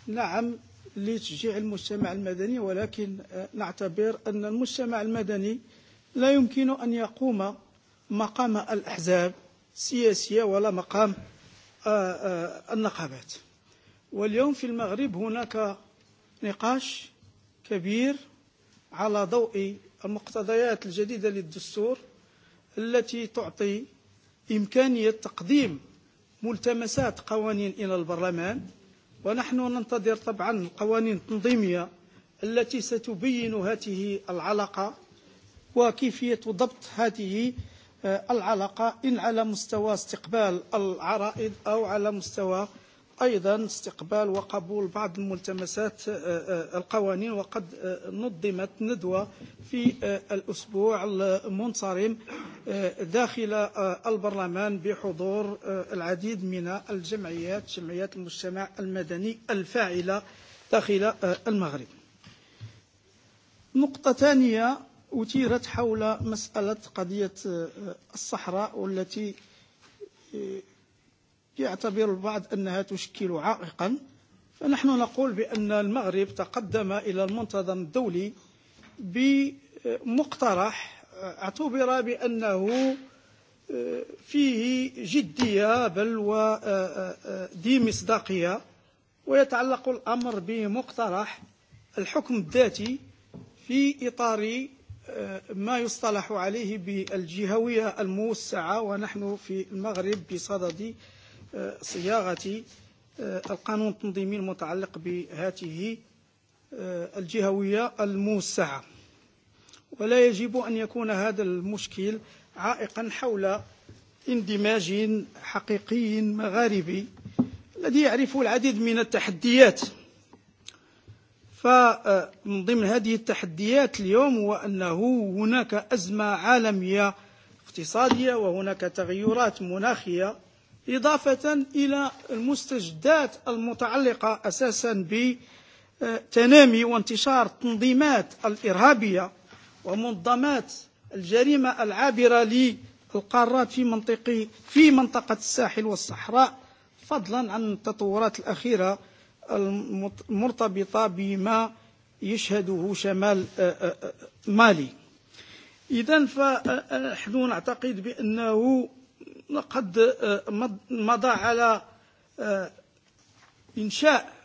Speaker 4: نعم لتشجيع المجتمع المدني ولكن نعتبر أن المجتمع المدني لا يمكن أن يقوم مقام الأحزاب السياسية ولا مقام النقابات واليوم في المغرب هناك نقاش كبير على ضوء المقتضيات الجديدة للدستور التي تعطي إمكانية تقديم ملتمسات قوانين إلى البرلمان ونحن ننتظر طبعا القوانين التنظيمية التي ستبين هذه العلاقة وكيفية ضبط هذه العلاقة إن على مستوى استقبال العرائض أو على مستوى أيضا استقبال وقبول بعض الملتمسات القوانين وقد نظمت ندوة في الأسبوع المنصرم داخل البرلمان بحضور العديد من الجمعيات جمعيات المجتمع المدني الفاعلة داخل المغرب نقطة ثانية أثيرت حول مسألة قضية الصحراء والتي يعتبر البعض أنها تشكل عائقا فنحن نقول بأن المغرب تقدم إلى المنتظم الدولي بمقترح اعتبر بأنه فيه جدية بل وذي مصداقية ويتعلق الأمر بمقترح الحكم الذاتي في إطار ما يصطلح عليه بالجهوية الموسعة ونحن في المغرب بصدد صياغة القانون التنظيمي المتعلق بهاته الجهوية الموسعة ولا يجب أن يكون هذا المشكل عائقا حول اندماج حقيقي مغاربي الذي يعرف العديد من التحديات فمن ضمن هذه التحديات اليوم هو أنه هناك أزمة عالمية اقتصادية وهناك تغيرات مناخية إضافة إلى المستجدات المتعلقة أساسا بتنامي وانتشار تنظيمات الإرهابية ومنظمات الجريمة العابرة للقارات في منطقة في منطقة الساحل والصحراء فضلا عن التطورات الأخيرة المرتبطة بما يشهده شمال مالي إذا فنحن نعتقد بأنه قد مضى على إنشاء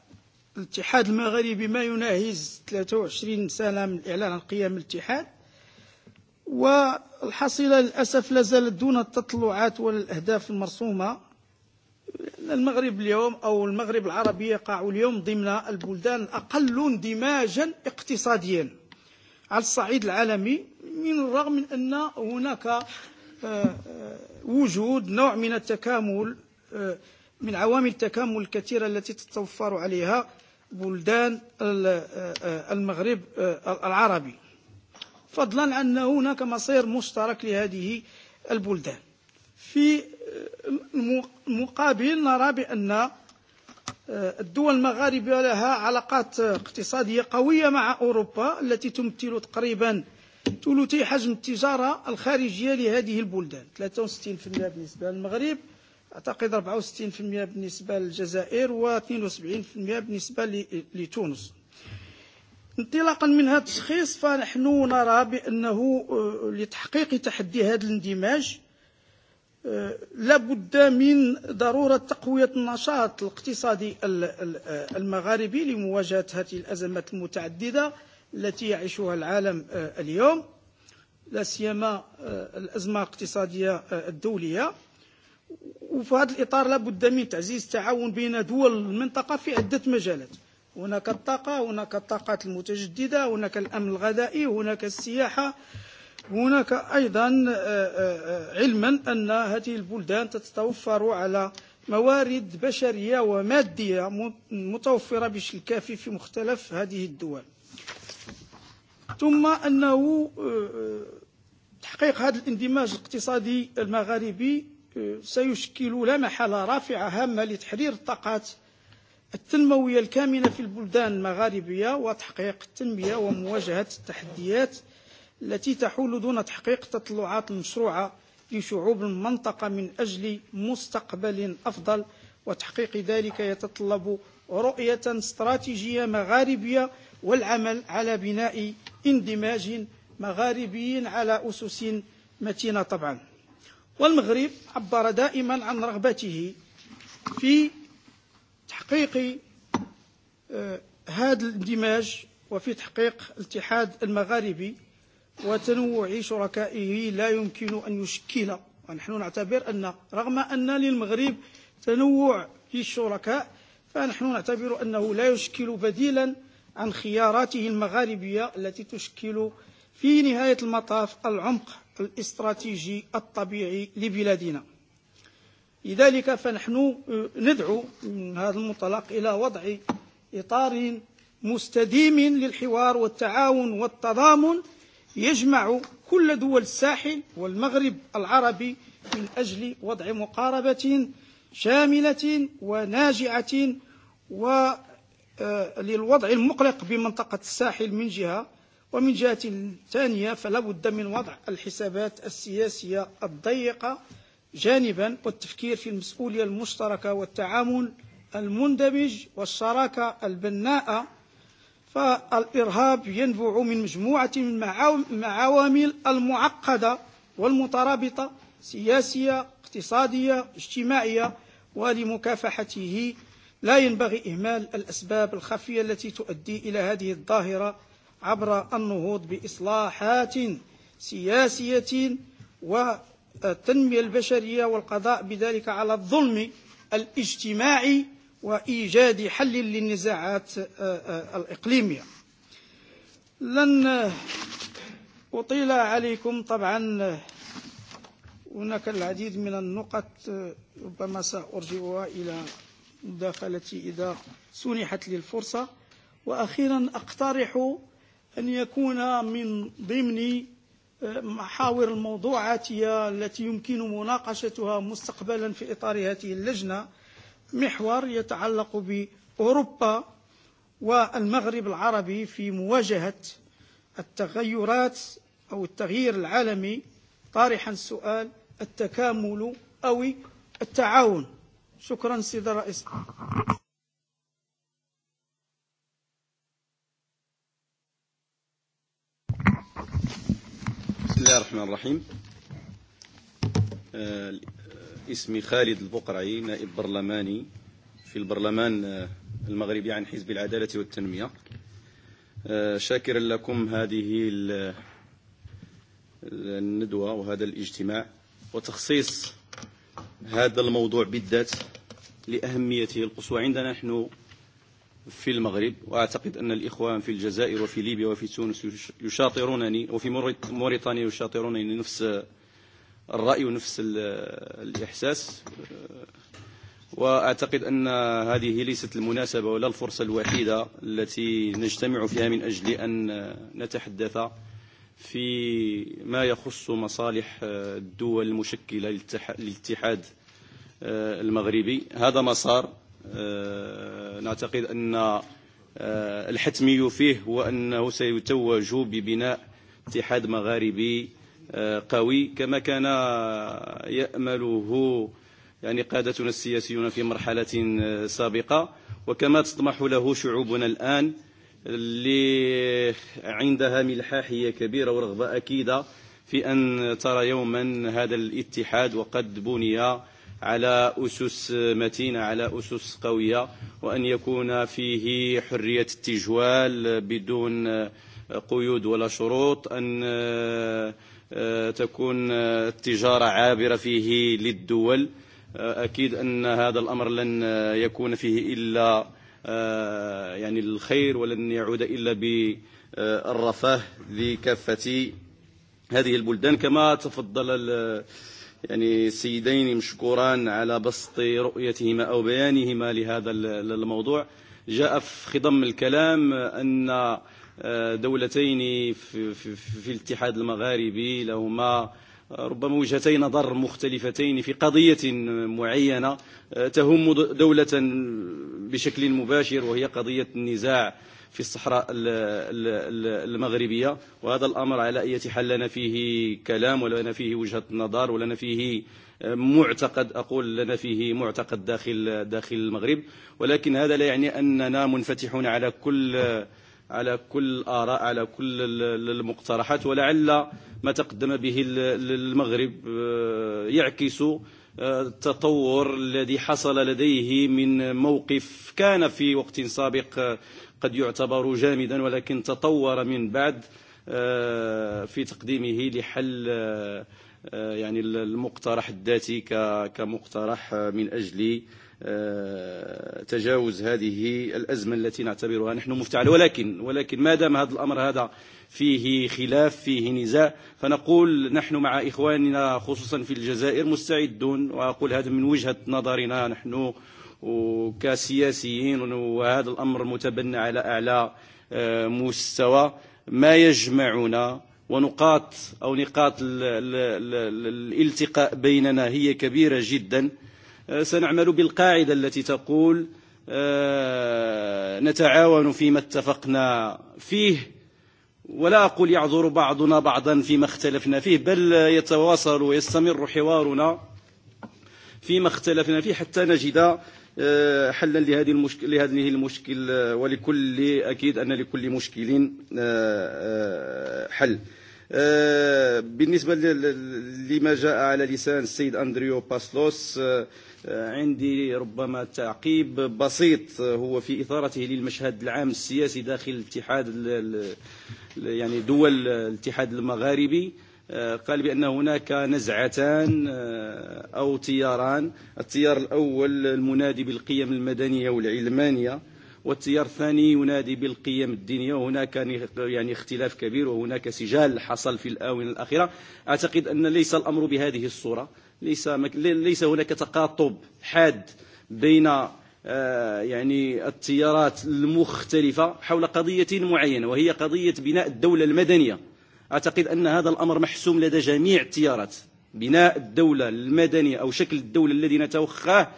Speaker 4: الاتحاد المغربي ما يناهز 23 سنة من إعلان قيام الاتحاد والحصيلة للأسف لازالت دون التطلعات ولا الأهداف المرسومة المغرب اليوم أو المغرب العربي يقع اليوم ضمن البلدان الأقل اندماجا اقتصاديا على الصعيد العالمي من الرغم من أن هناك وجود نوع من التكامل من عوامل التكامل الكثيرة التي تتوفر عليها بلدان المغرب العربي فضلا عن أن هناك مصير مشترك لهذه البلدان في مقابل نرى بأن الدول المغاربة لها علاقات اقتصادية قوية مع أوروبا التي تمثل تقريبا ثلثي حجم التجارة الخارجية لهذه البلدان 63% بالنسبة للمغرب أعتقد 64% بالنسبة للجزائر و72% بالنسبة لتونس انطلاقا من هذا التشخيص فنحن نرى بأنه لتحقيق تحدي هذا الاندماج لابد من ضرورة تقوية النشاط الاقتصادي المغاربي لمواجهة هذه الأزمات المتعددة التي يعيشها العالم اليوم لا سيما الأزمة الاقتصادية الدولية وفي هذا الإطار لابد من تعزيز التعاون بين دول المنطقة في عدة مجالات هناك الطاقة هناك الطاقات المتجددة هناك الأمن الغذائي هناك السياحة هناك أيضا علما أن هذه البلدان تتوفر على موارد بشرية ومادية متوفرة بشكل كافي في مختلف هذه الدول ثم أنه تحقيق هذا الاندماج الاقتصادي المغاربي سيشكل لا محالة رافعة هامة لتحرير الطاقات التنموية الكامنة في البلدان المغاربية وتحقيق التنمية ومواجهة التحديات التي تحول دون تحقيق تطلعات مشروعة لشعوب المنطقة من أجل مستقبل أفضل وتحقيق ذلك يتطلب رؤية استراتيجية مغاربية والعمل على بناء اندماج مغاربي على أسس متينة طبعا والمغرب عبر دائما عن رغبته في تحقيق هذا الاندماج وفي تحقيق الاتحاد المغاربي وتنوع شركائه لا يمكن أن يشكل ونحن نعتبر أن رغم أن للمغرب تنوع في الشركاء فنحن نعتبر أنه لا يشكل بديلا عن خياراته المغاربية التي تشكل في نهاية المطاف العمق الاستراتيجي الطبيعي لبلادنا لذلك فنحن ندعو من هذا المنطلق إلى وضع إطار مستديم للحوار والتعاون والتضامن يجمع كل دول الساحل والمغرب العربي من أجل وضع مقاربة شاملة وناجعة وللوضع المقلق بمنطقة الساحل من جهة ومن جهة ثانية فلا بد من وضع الحسابات السياسية الضيقة جانبا والتفكير في المسؤولية المشتركة والتعامل المندمج والشراكة البناءة فالإرهاب ينبع من مجموعة من العوامل المعقدة والمترابطة سياسية اقتصادية اجتماعية ولمكافحته لا ينبغي إهمال الأسباب الخفية التي تؤدي إلى هذه الظاهرة عبر النهوض بإصلاحات سياسية والتنمية البشرية والقضاء بذلك على الظلم الاجتماعي وإيجاد حل للنزاعات الإقليمية لن أطيل عليكم طبعا هناك العديد من النقط ربما سأرجعها إلى مداخلتي إذا سنحت لي الفرصة وأخيرا أقترح أن يكون من ضمن محاور الموضوعاتية التي يمكن مناقشتها مستقبلا في إطار هذه اللجنة محور يتعلق بأوروبا والمغرب العربي في مواجهة التغيرات أو التغيير العالمي طارحا السؤال التكامل أو التعاون شكرا سيد الرئيس بسم الله
Speaker 5: الرحمن الرحيم اسمي خالد البقرعي نائب برلماني في البرلمان المغربي عن حزب العدالة والتنمية شاكرا لكم هذه الندوة وهذا الاجتماع وتخصيص هذا الموضوع بالذات لأهميته القصوى عندنا نحن في المغرب وأعتقد أن الإخوان في الجزائر وفي ليبيا وفي تونس يشاطرونني وفي موريتانيا يشاطرونني نفس الرأي ونفس الإحساس وأعتقد أن هذه ليست المناسبة ولا الفرصة الوحيدة التي نجتمع فيها من أجل أن نتحدث في ما يخص مصالح الدول المشكلة للاتحاد المغربي هذا مسار نعتقد أن الحتمي فيه هو أنه سيتوج ببناء اتحاد مغاربي قوي كما كان يأمله يعني قادتنا السياسيون في مرحلة سابقة وكما تطمح له شعوبنا الآن اللي عندها ملحاحية كبيرة ورغبة أكيدة في أن ترى يوما هذا الاتحاد وقد بني على أسس متينة على أسس قوية وأن يكون فيه حرية التجوال بدون قيود ولا شروط أن تكون التجارة عابرة فيه للدول أكيد أن هذا الأمر لن يكون فيه إلا يعني الخير ولن يعود إلا بالرفاه لكافة هذه البلدان كما تفضل يعني السيدين مشكوران على بسط رؤيتهما أو بيانهما لهذا الموضوع جاء في خضم الكلام أن دولتين في, في, في الاتحاد المغاربي لهما ربما وجهتي نظر مختلفتين في قضية معينة تهم دولة بشكل مباشر وهي قضية النزاع في الصحراء المغربية وهذا الأمر على أي حال لنا فيه كلام ولنا فيه وجهة نظر ولنا فيه معتقد أقول لنا فيه معتقد داخل داخل المغرب ولكن هذا لا يعني أننا منفتحون على كل على كل الاراء على كل المقترحات ولعل ما تقدم به المغرب يعكس التطور الذي حصل لديه من موقف كان في وقت سابق قد يعتبر جامدا ولكن تطور من بعد في تقديمه لحل يعني المقترح الذاتي كمقترح من أجل تجاوز هذه الأزمة التي نعتبرها نحن مفتعلة ولكن ولكن ما دام هذا الأمر هذا فيه خلاف فيه نزاع فنقول نحن مع إخواننا خصوصا في الجزائر مستعدون وأقول هذا من وجهة نظرنا نحن كسياسيين وهذا الأمر متبنى على أعلى مستوى ما يجمعنا ونقاط أو نقاط الالتقاء بيننا هي كبيرة جداً سنعمل بالقاعدة التي تقول نتعاون فيما اتفقنا فيه ولا أقول يعذر بعضنا بعضا فيما اختلفنا فيه بل يتواصل ويستمر حوارنا فيما اختلفنا فيه حتى نجد حلا لهذه المشكل لهذه المشكل ولكل اكيد ان لكل مشكل حل بالنسبه لما جاء على لسان السيد اندريو باسلوس عندي ربما تعقيب بسيط هو في اثارته للمشهد العام السياسي داخل الاتحاد يعني دول الاتحاد المغاربي قال بان هناك نزعتان او تياران التيار الاول المنادي بالقيم المدنيه والعلمانيه والتيار الثاني ينادي بالقيم الدينية وهناك يعني اختلاف كبير وهناك سجال حصل في الآونة الأخيرة أعتقد أن ليس الأمر بهذه الصورة ليس ليس هناك تقاطب حاد بين يعني التيارات المختلفة حول قضية معينة وهي قضية بناء الدولة المدنية أعتقد أن هذا الأمر محسوم لدى جميع التيارات بناء الدولة المدنية أو شكل الدولة الذي نتوخاه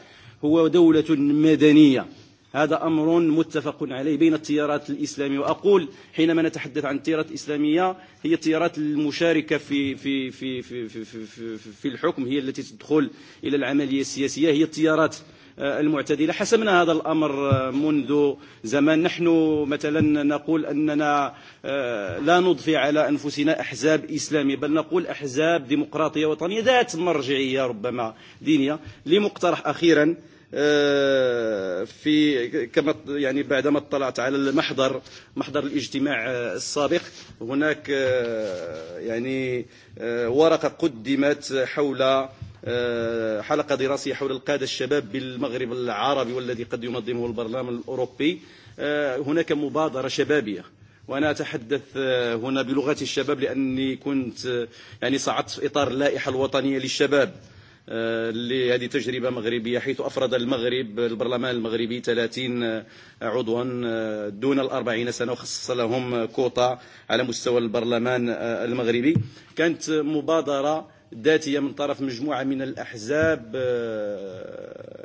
Speaker 5: هو دولة مدنية هذا أمر متفق عليه بين التيارات الإسلامية وأقول حينما نتحدث عن التيارات الإسلامية هي التيارات المشاركة في, في, في, في, في, في, في الحكم هي التي تدخل إلى العملية السياسية هي التيارات المعتدلة حسمنا هذا الأمر منذ زمان نحن مثلا نقول أننا لا نضفي على أنفسنا أحزاب إسلامية بل نقول أحزاب ديمقراطية وطنية ذات مرجعية ربما دينية لمقترح أخيرا في كما يعني بعدما اطلعت على المحضر محضر الاجتماع السابق هناك يعني ورقه قدمت حول حلقه دراسيه حول القاده الشباب بالمغرب العربي والذي قد ينظمه البرلمان الاوروبي هناك مبادره شبابيه وانا اتحدث هنا بلغه الشباب لاني كنت يعني صعدت في اطار اللائحه الوطنيه للشباب لهذه تجربة مغربية حيث أفرد المغرب البرلمان المغربي 30 عضوا دون الأربعين سنة وخصص لهم كوطة على مستوى البرلمان المغربي كانت مبادرة ذاتية من طرف مجموعة من الأحزاب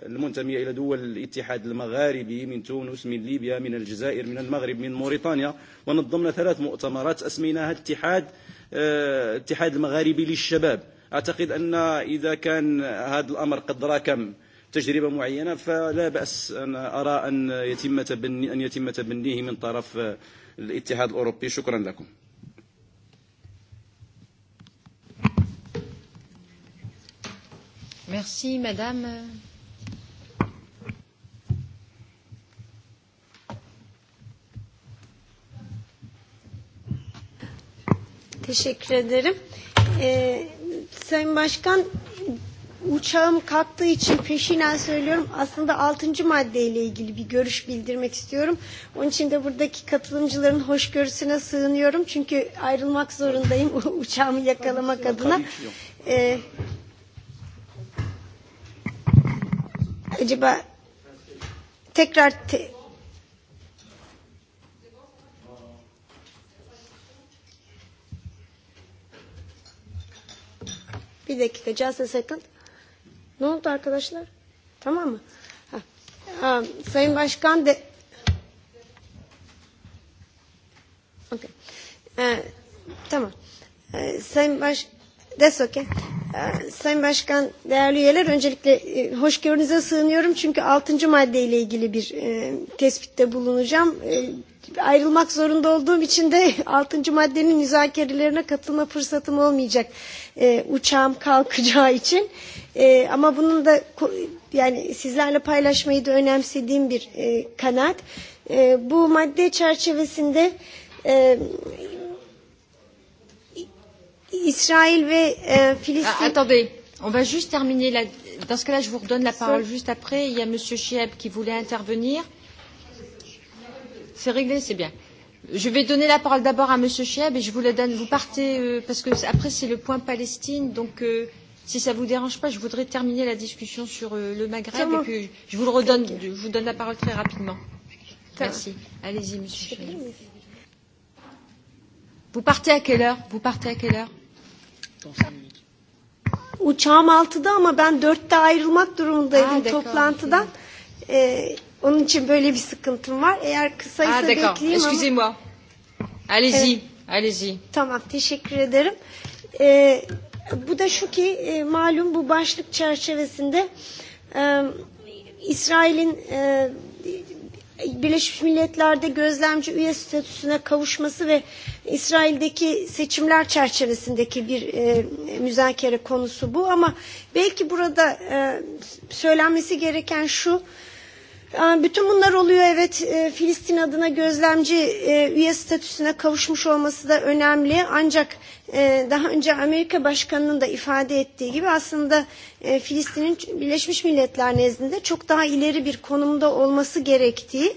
Speaker 5: المنتمية إلى دول الاتحاد المغاربي من تونس من ليبيا من الجزائر من المغرب من موريتانيا ونظمنا ثلاث مؤتمرات أسميناها اتحاد اتحاد المغاربي للشباب أعتقد أن إذا كان هذا الأمر قد راكم تجربة معينة فلا بأس أن أرى أن يتم تبني أن يتم تبنيه من طرف الاتحاد الأوروبي شكرا لكم
Speaker 1: Merci, Madame.
Speaker 6: Teşekkür ederim. Ee, Sayın Başkan uçağım kalktığı için peşinen söylüyorum. Aslında 6. maddeyle ilgili bir görüş bildirmek istiyorum. Onun için de buradaki katılımcıların hoşgörüsüne sığınıyorum. Çünkü ayrılmak zorundayım uçağımı yakalamak adına. Ee, acaba tekrar te Bir dakika just a second. Ne oldu arkadaşlar? Tamam mı? Ha. Ha, Sayın Başkan de... Okay. Ee, tamam. Ee, Sayın Baş... That's okay. Ee, Sayın Başkan, değerli üyeler, öncelikle e, hoşgörünüze sığınıyorum çünkü 6. maddeyle ilgili bir e, tespitte bulunacağım. E, ayrılmak zorunda olduğum için de 6. maddenin müzakerelerine katılma fırsatım olmayacak e, uçağım kalkacağı için. E, ama bunun da yani sizlerle paylaşmayı da önemsediğim bir e, kanaat. E, bu madde çerçevesinde e, İsrail
Speaker 1: ve e, Filistin... Attendez, on va juste terminer la... Dans ce cas-là, je vous redonne la parole juste après. Il y a Monsieur Chieb qui voulait intervenir. Euh, C'est réglé, c'est bien. Je vais donner la parole d'abord à M. Chiab et je vous la donne. Vous partez euh, parce que après c'est le point Palestine, donc euh, si ça ne vous dérange pas, je voudrais terminer la discussion sur euh, le Maghreb et que je vous le redonne. Je vous donne la parole très rapidement. Merci. Allez-y, M. Chiab.
Speaker 6: Vous partez à quelle heure Vous partez à quelle heure Uçağım 6'da ama ben 4'te ayrılmak durumundaydım toplantıdan. Ee, Onun için böyle bir sıkıntım var. Eğer kısaysa ah, bekleyeyim ama... Excusez-moi. Allez-y. Evet. Allez-y. Tamam teşekkür ederim. Ee, bu da şu ki e, malum bu başlık çerçevesinde e, İsrail'in e, Birleşmiş Milletler'de gözlemci üye statüsüne kavuşması ve İsrail'deki seçimler çerçevesindeki bir e, müzakere konusu bu ama belki burada e, söylenmesi gereken şu e, Bütün bunlar oluyor evet Filistin adına gözlemci üye statüsüne kavuşmuş olması da önemli ancak daha önce Amerika Başkanı'nın da ifade ettiği gibi aslında Filistin'in Birleşmiş Milletler nezdinde çok daha ileri bir konumda olması gerektiği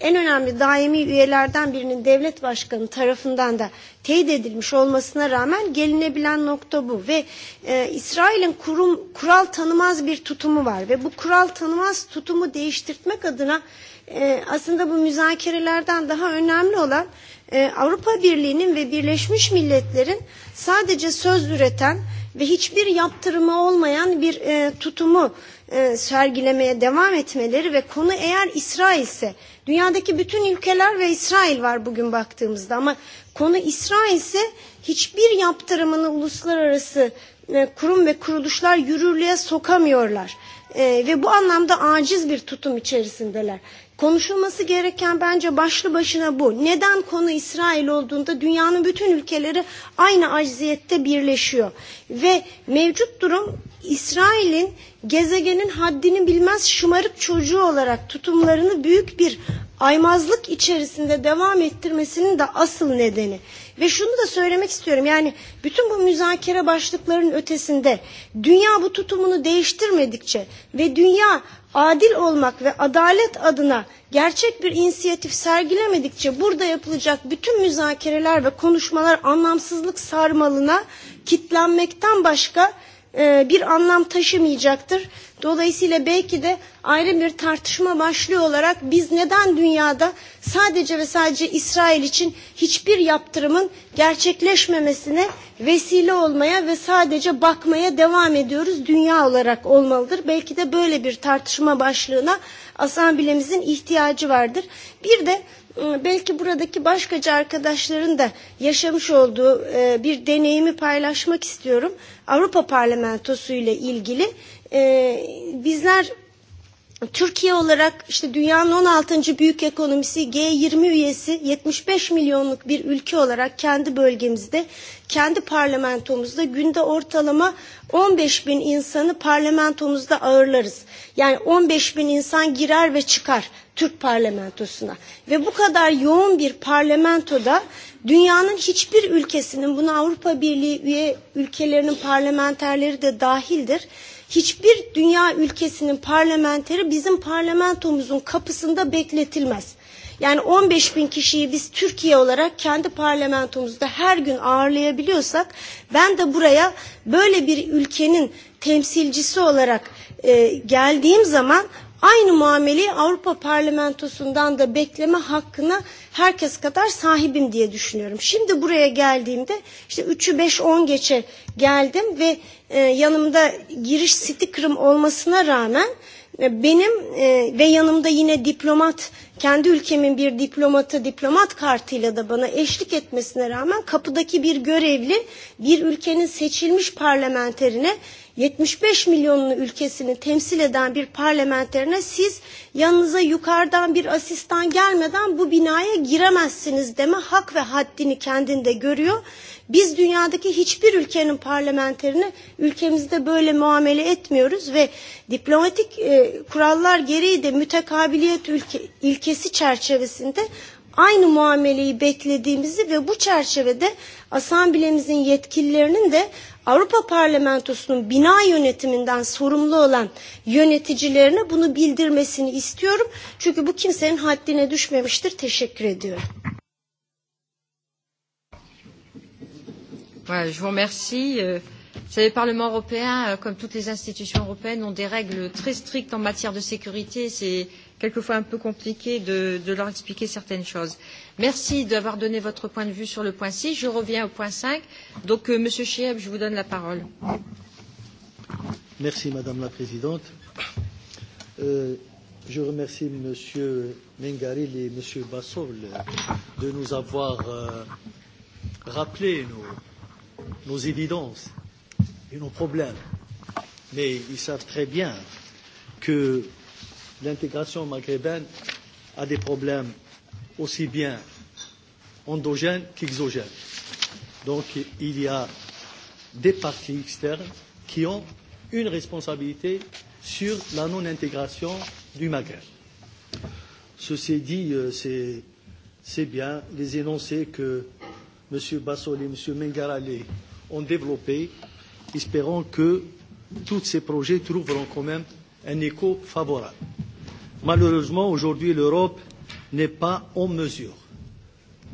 Speaker 6: en önemli daimi üyelerden birinin devlet başkanı tarafından da teyit edilmiş olmasına rağmen gelinebilen nokta bu ve e, İsrail'in kurum kural tanımaz bir tutumu var ve bu kural tanımaz tutumu değiştirtmek adına e, aslında bu müzakerelerden daha önemli olan e, Avrupa Birliği'nin ve Birleşmiş Milletler'in sadece söz üreten ve hiçbir yaptırımı olmayan bir e, tutumu sergilemeye devam etmeleri ve konu eğer İsrail ise dünyadaki bütün ülkeler ve İsrail var bugün baktığımızda ama konu İsrail ise hiçbir yaptırımını uluslararası kurum ve kuruluşlar yürürlüğe sokamıyorlar. ve bu anlamda aciz bir tutum içerisindeler. Konuşulması gereken bence başlı başına bu. Neden konu İsrail olduğunda dünyanın bütün ülkeleri aynı acziyette birleşiyor. Ve mevcut durum İsrail'in gezegenin haddini bilmez şımarık çocuğu olarak tutumlarını büyük bir aymazlık içerisinde devam ettirmesinin de asıl nedeni. Ve şunu da söylemek istiyorum yani bütün bu müzakere başlıklarının ötesinde dünya bu tutumunu değiştirmedikçe ve dünya adil olmak ve adalet adına gerçek bir inisiyatif sergilemedikçe burada yapılacak bütün müzakereler ve konuşmalar anlamsızlık sarmalına kitlenmekten başka bir anlam taşımayacaktır. Dolayısıyla belki de ayrı bir tartışma başlığı olarak biz neden dünyada sadece ve sadece İsrail için hiçbir yaptırımın gerçekleşmemesine vesile olmaya ve sadece bakmaya devam ediyoruz dünya olarak olmalıdır. Belki de böyle bir tartışma başlığına asambilemizin ihtiyacı vardır. Bir de belki buradaki başkacı arkadaşların da yaşamış olduğu bir deneyimi paylaşmak istiyorum. Avrupa Parlamentosu ile ilgili bizler Türkiye olarak işte dünyanın 16. büyük ekonomisi G20 üyesi 75 milyonluk bir ülke olarak kendi bölgemizde kendi parlamentomuzda günde ortalama 15 bin insanı parlamentomuzda ağırlarız. Yani 15 bin insan girer ve çıkar Türk parlamentosuna. Ve bu kadar yoğun bir parlamentoda dünyanın hiçbir ülkesinin, bunu Avrupa Birliği üye ülkelerinin parlamenterleri de dahildir. Hiçbir dünya ülkesinin parlamenteri bizim parlamentomuzun kapısında bekletilmez. Yani 15 bin kişiyi biz Türkiye olarak kendi parlamentomuzda her gün ağırlayabiliyorsak ben de buraya böyle bir ülkenin temsilcisi olarak e, geldiğim zaman aynı muameleyi Avrupa Parlamentosu'ndan da bekleme hakkına herkes kadar sahibim diye düşünüyorum. Şimdi buraya geldiğimde işte 3'ü 5 10 geçe geldim ve e, yanımda giriş stikerim olmasına rağmen e, benim e, ve yanımda yine diplomat kendi ülkemin bir diplomatı diplomat kartıyla da bana eşlik etmesine rağmen kapıdaki bir görevli bir ülkenin seçilmiş parlamenterine 75 milyonlu ülkesini temsil eden bir parlamenterine siz yanınıza yukarıdan bir asistan gelmeden bu binaya giremezsiniz deme hak ve haddini kendinde görüyor. Biz dünyadaki hiçbir ülkenin parlamenterini ülkemizde böyle muamele etmiyoruz ve diplomatik e, kurallar gereği de mütekabiliyet ülke, ilkesi çerçevesinde aynı muameleyi beklediğimizi ve bu çerçevede asamblemizin yetkililerinin de Avrupa Parlamentosu'nun bina yönetiminden sorumlu olan yöneticilerine bunu bildirmesini istiyorum. Çünkü bu kimsenin haddine düşmemiştir. Teşekkür ediyorum.
Speaker 1: Voilà, je vous remercie. Euh... Vous savez, le Parlement européen, comme toutes les institutions européennes, ont des règles très strictes en matière de sécurité. C'est quelquefois un peu compliqué de, leur expliquer certaines choses. Merci d'avoir donné votre point de vue sur le point six. Je reviens au point cinq. Donc, Monsieur Chieb, je vous donne la parole.
Speaker 7: Merci, Madame la Présidente. je remercie Monsieur Mengaril et Monsieur Bassol de nous avoir rappelé nos évidences Ils nos problèmes. Mais ils savent très bien que l'intégration maghrébine a des problèmes aussi bien endogènes qu'exogènes. Donc il y a des partis externes qui ont une responsabilité sur la non-intégration du Maghreb. Ceci dit, c'est bien les énoncés que M. Bassoli et M. Mengarale ont développés espérons que tous ces projets trouveront quand même un écho favorable. Malheureusement, aujourd'hui, l'Europe n'est pas en mesure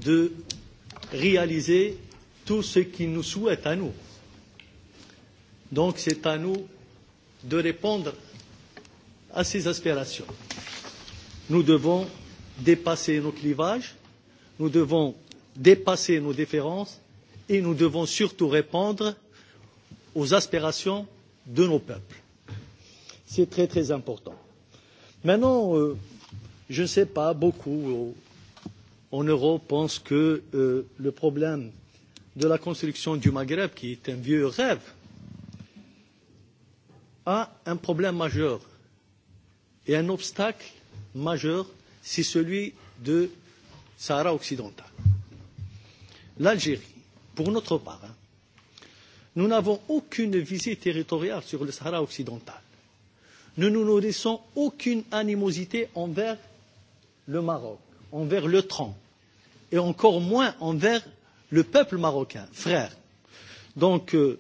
Speaker 7: de réaliser tout ce qu'il nous souhaite à nous. Donc, c'est à nous de répondre à ces aspirations. Nous devons dépasser nos clivages, nous devons dépasser nos différences et nous devons surtout répondre aux aspirations de nos peuples. C'est très très important. Maintenant, je ne sais pas, beaucoup en Europe pensent que le problème de la construction du Maghreb, qui est un vieux rêve, a un problème majeur et un obstacle majeur, c'est celui de Sahara occidental. L'Algérie, pour notre part, hein, Nous n'avons aucune visée territoriale sur le Sahara occidental. Nous ne nourrissons aucune animosité envers le Maroc, envers l'OTAN, et encore moins envers le peuple marocain, frère. Donc, euh,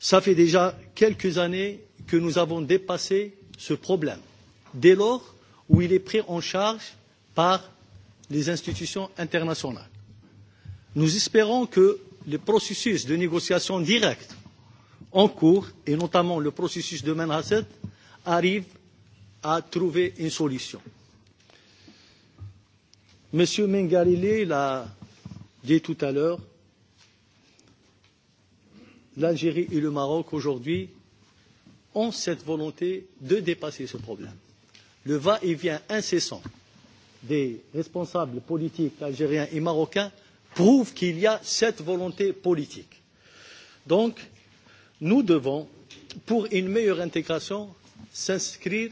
Speaker 7: ça fait déjà quelques années que nous avons dépassé ce problème, dès lors où il est pris en charge par les institutions internationales. Nous espérons que les processus de négociation directe en cours, et notamment le processus de Manhasset, arrive à trouver une solution. Monsieur Mengarile l'a dit tout à l'heure, l'Algérie et le Maroc aujourd'hui ont cette volonté de dépasser ce problème. Le va-et-vient incessant des responsables politiques algériens et marocains prouve qu'il y a cette volonté politique. Donc, nous devons, pour une meilleure intégration, s'inscrire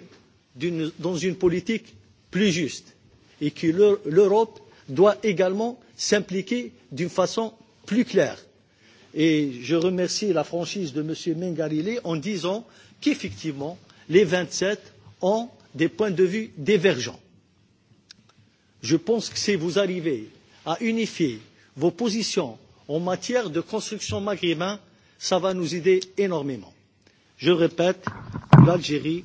Speaker 7: dans une politique plus juste et que l'Europe doit également s'impliquer d'une façon plus claire. Et je remercie la franchise de M. Mengarile en disant qu'effectivement, les vingt sept ont des points de vue divergents. Je pense que si vous arrivez à unifier vos positions en matière de construction maghrébin, ça va nous aider énormément. Je répète, l'Algérie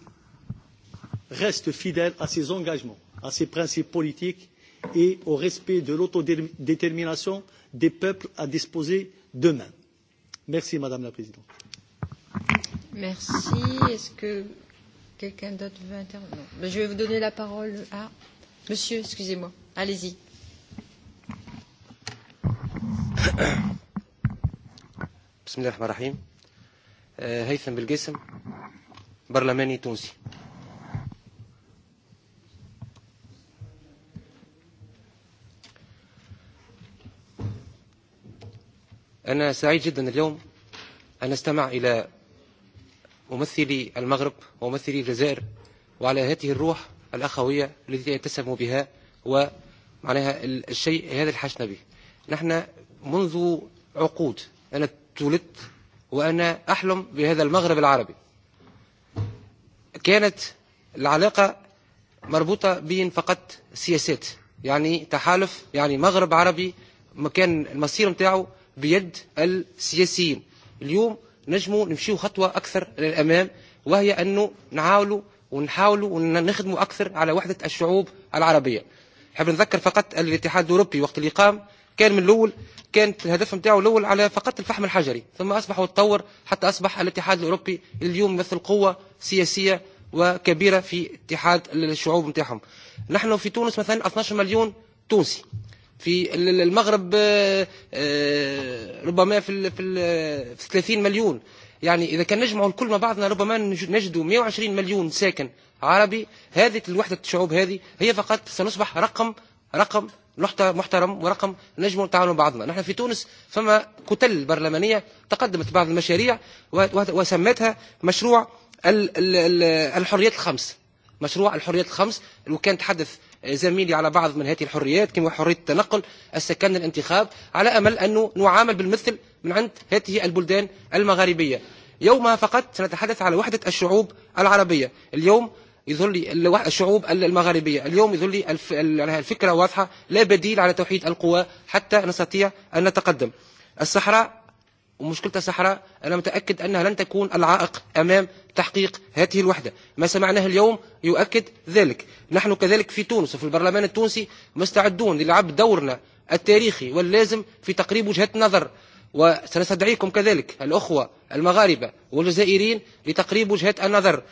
Speaker 7: reste fidèle à ses engagements, à ses principes politiques et au respect de l'autodétermination des peuples à disposer d'eux-mêmes. Merci, Madame la Présidente.
Speaker 1: Merci. Est-ce que quelqu'un d'autre veut intervenir Je vais vous donner la parole à Monsieur, excusez-moi. Allez-y.
Speaker 8: بسم الله الرحمن الرحيم هيثم بالجسم برلماني تونسي أنا سعيد جدا اليوم أن أستمع إلى ممثلي المغرب وممثلي الجزائر وعلى هذه الروح الأخوية التي يتسم بها ومعناها الشيء هذا الحشنبي نحن منذ عقود أنا تولدت وأنا أحلم بهذا المغرب العربي كانت العلاقة مربوطة بين فقط سياسات يعني تحالف يعني مغرب عربي مكان المصير متاعه بيد السياسيين اليوم نجموا نمشيو خطوة أكثر للأمام وهي أنه نعاولوا ونحاولوا ونخدموا أكثر على وحدة الشعوب العربية حاب نذكر فقط الاتحاد الأوروبي وقت اللي قام كان من الاول كانت الهدف نتاعو الاول على فقط الفحم الحجري ثم اصبح وتطور حتى اصبح الاتحاد الاوروبي اليوم مثل قوه سياسيه وكبيره في اتحاد الشعوب نتاعهم نحن في تونس مثلا 12 مليون تونسي في المغرب ربما في في 30 مليون يعني اذا كان نجمع الكل مع بعضنا ربما نجدوا 120 مليون ساكن عربي هذه الوحده الشعوب هذه هي فقط سنصبح رقم رقم محترم ورقم نجم نتعاون بعضنا نحن في تونس فما كتل برلمانية تقدمت بعض المشاريع وسمتها مشروع الحريات الخمس مشروع الحريات الخمس وكان تحدث زميلي على بعض من هذه الحريات كما حرية التنقل السكن الانتخاب على أمل أن نعامل بالمثل من عند هذه البلدان المغاربية يومها فقط سنتحدث على وحدة الشعوب العربية اليوم يظهر لي الشعوب المغاربية اليوم يظهر لي الفكرة واضحة لا بديل على توحيد القوى حتى نستطيع أن نتقدم الصحراء ومشكلة الصحراء أنا متأكد أنها لن تكون العائق أمام تحقيق هذه الوحدة ما سمعناه اليوم يؤكد ذلك نحن كذلك في تونس وفي البرلمان التونسي مستعدون للعب دورنا التاريخي واللازم في تقريب وجهة نظر وسنستدعيكم كذلك الأخوة المغاربة والجزائريين لتقريب وجهة النظر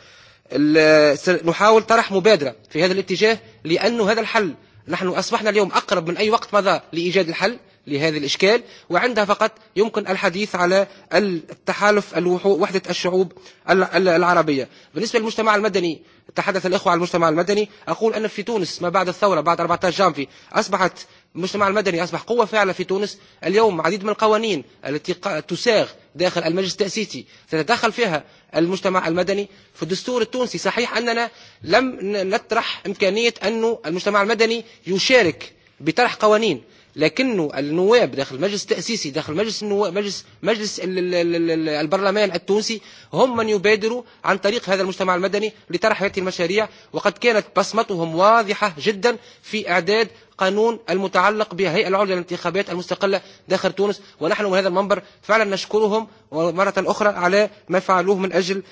Speaker 8: نحاول طرح مبادرة في هذا الاتجاه لأن هذا الحل نحن أصبحنا اليوم أقرب من أي وقت مضى لإيجاد الحل لهذا الإشكال وعندها فقط يمكن الحديث على التحالف وحدة الشعوب العربية بالنسبة للمجتمع المدني تحدث الإخوة على المجتمع المدني أقول أن في تونس ما بعد الثورة بعد 14 جانفي أصبحت المجتمع المدني أصبح قوة فاعلة في تونس اليوم عديد من القوانين التي تساغ داخل المجلس التأسيسي تتدخل فيها المجتمع المدني في الدستور التونسي صحيح أننا لم نطرح إمكانية أن المجتمع المدني يشارك بطرح قوانين لكن النواب داخل المجلس التأسيسي داخل مجلس النواب مجلس مجلس البرلمان التونسي هم من يبادروا عن طريق هذا المجتمع المدني لطرح هذه المشاريع وقد كانت بصمتهم واضحة جدا في إعداد قانون المتعلق بهيئة العليا للانتخابات المستقلة داخل تونس ونحن من هذا المنبر فعلا نشكرهم مرة أخرى على ما فعلوه من أجل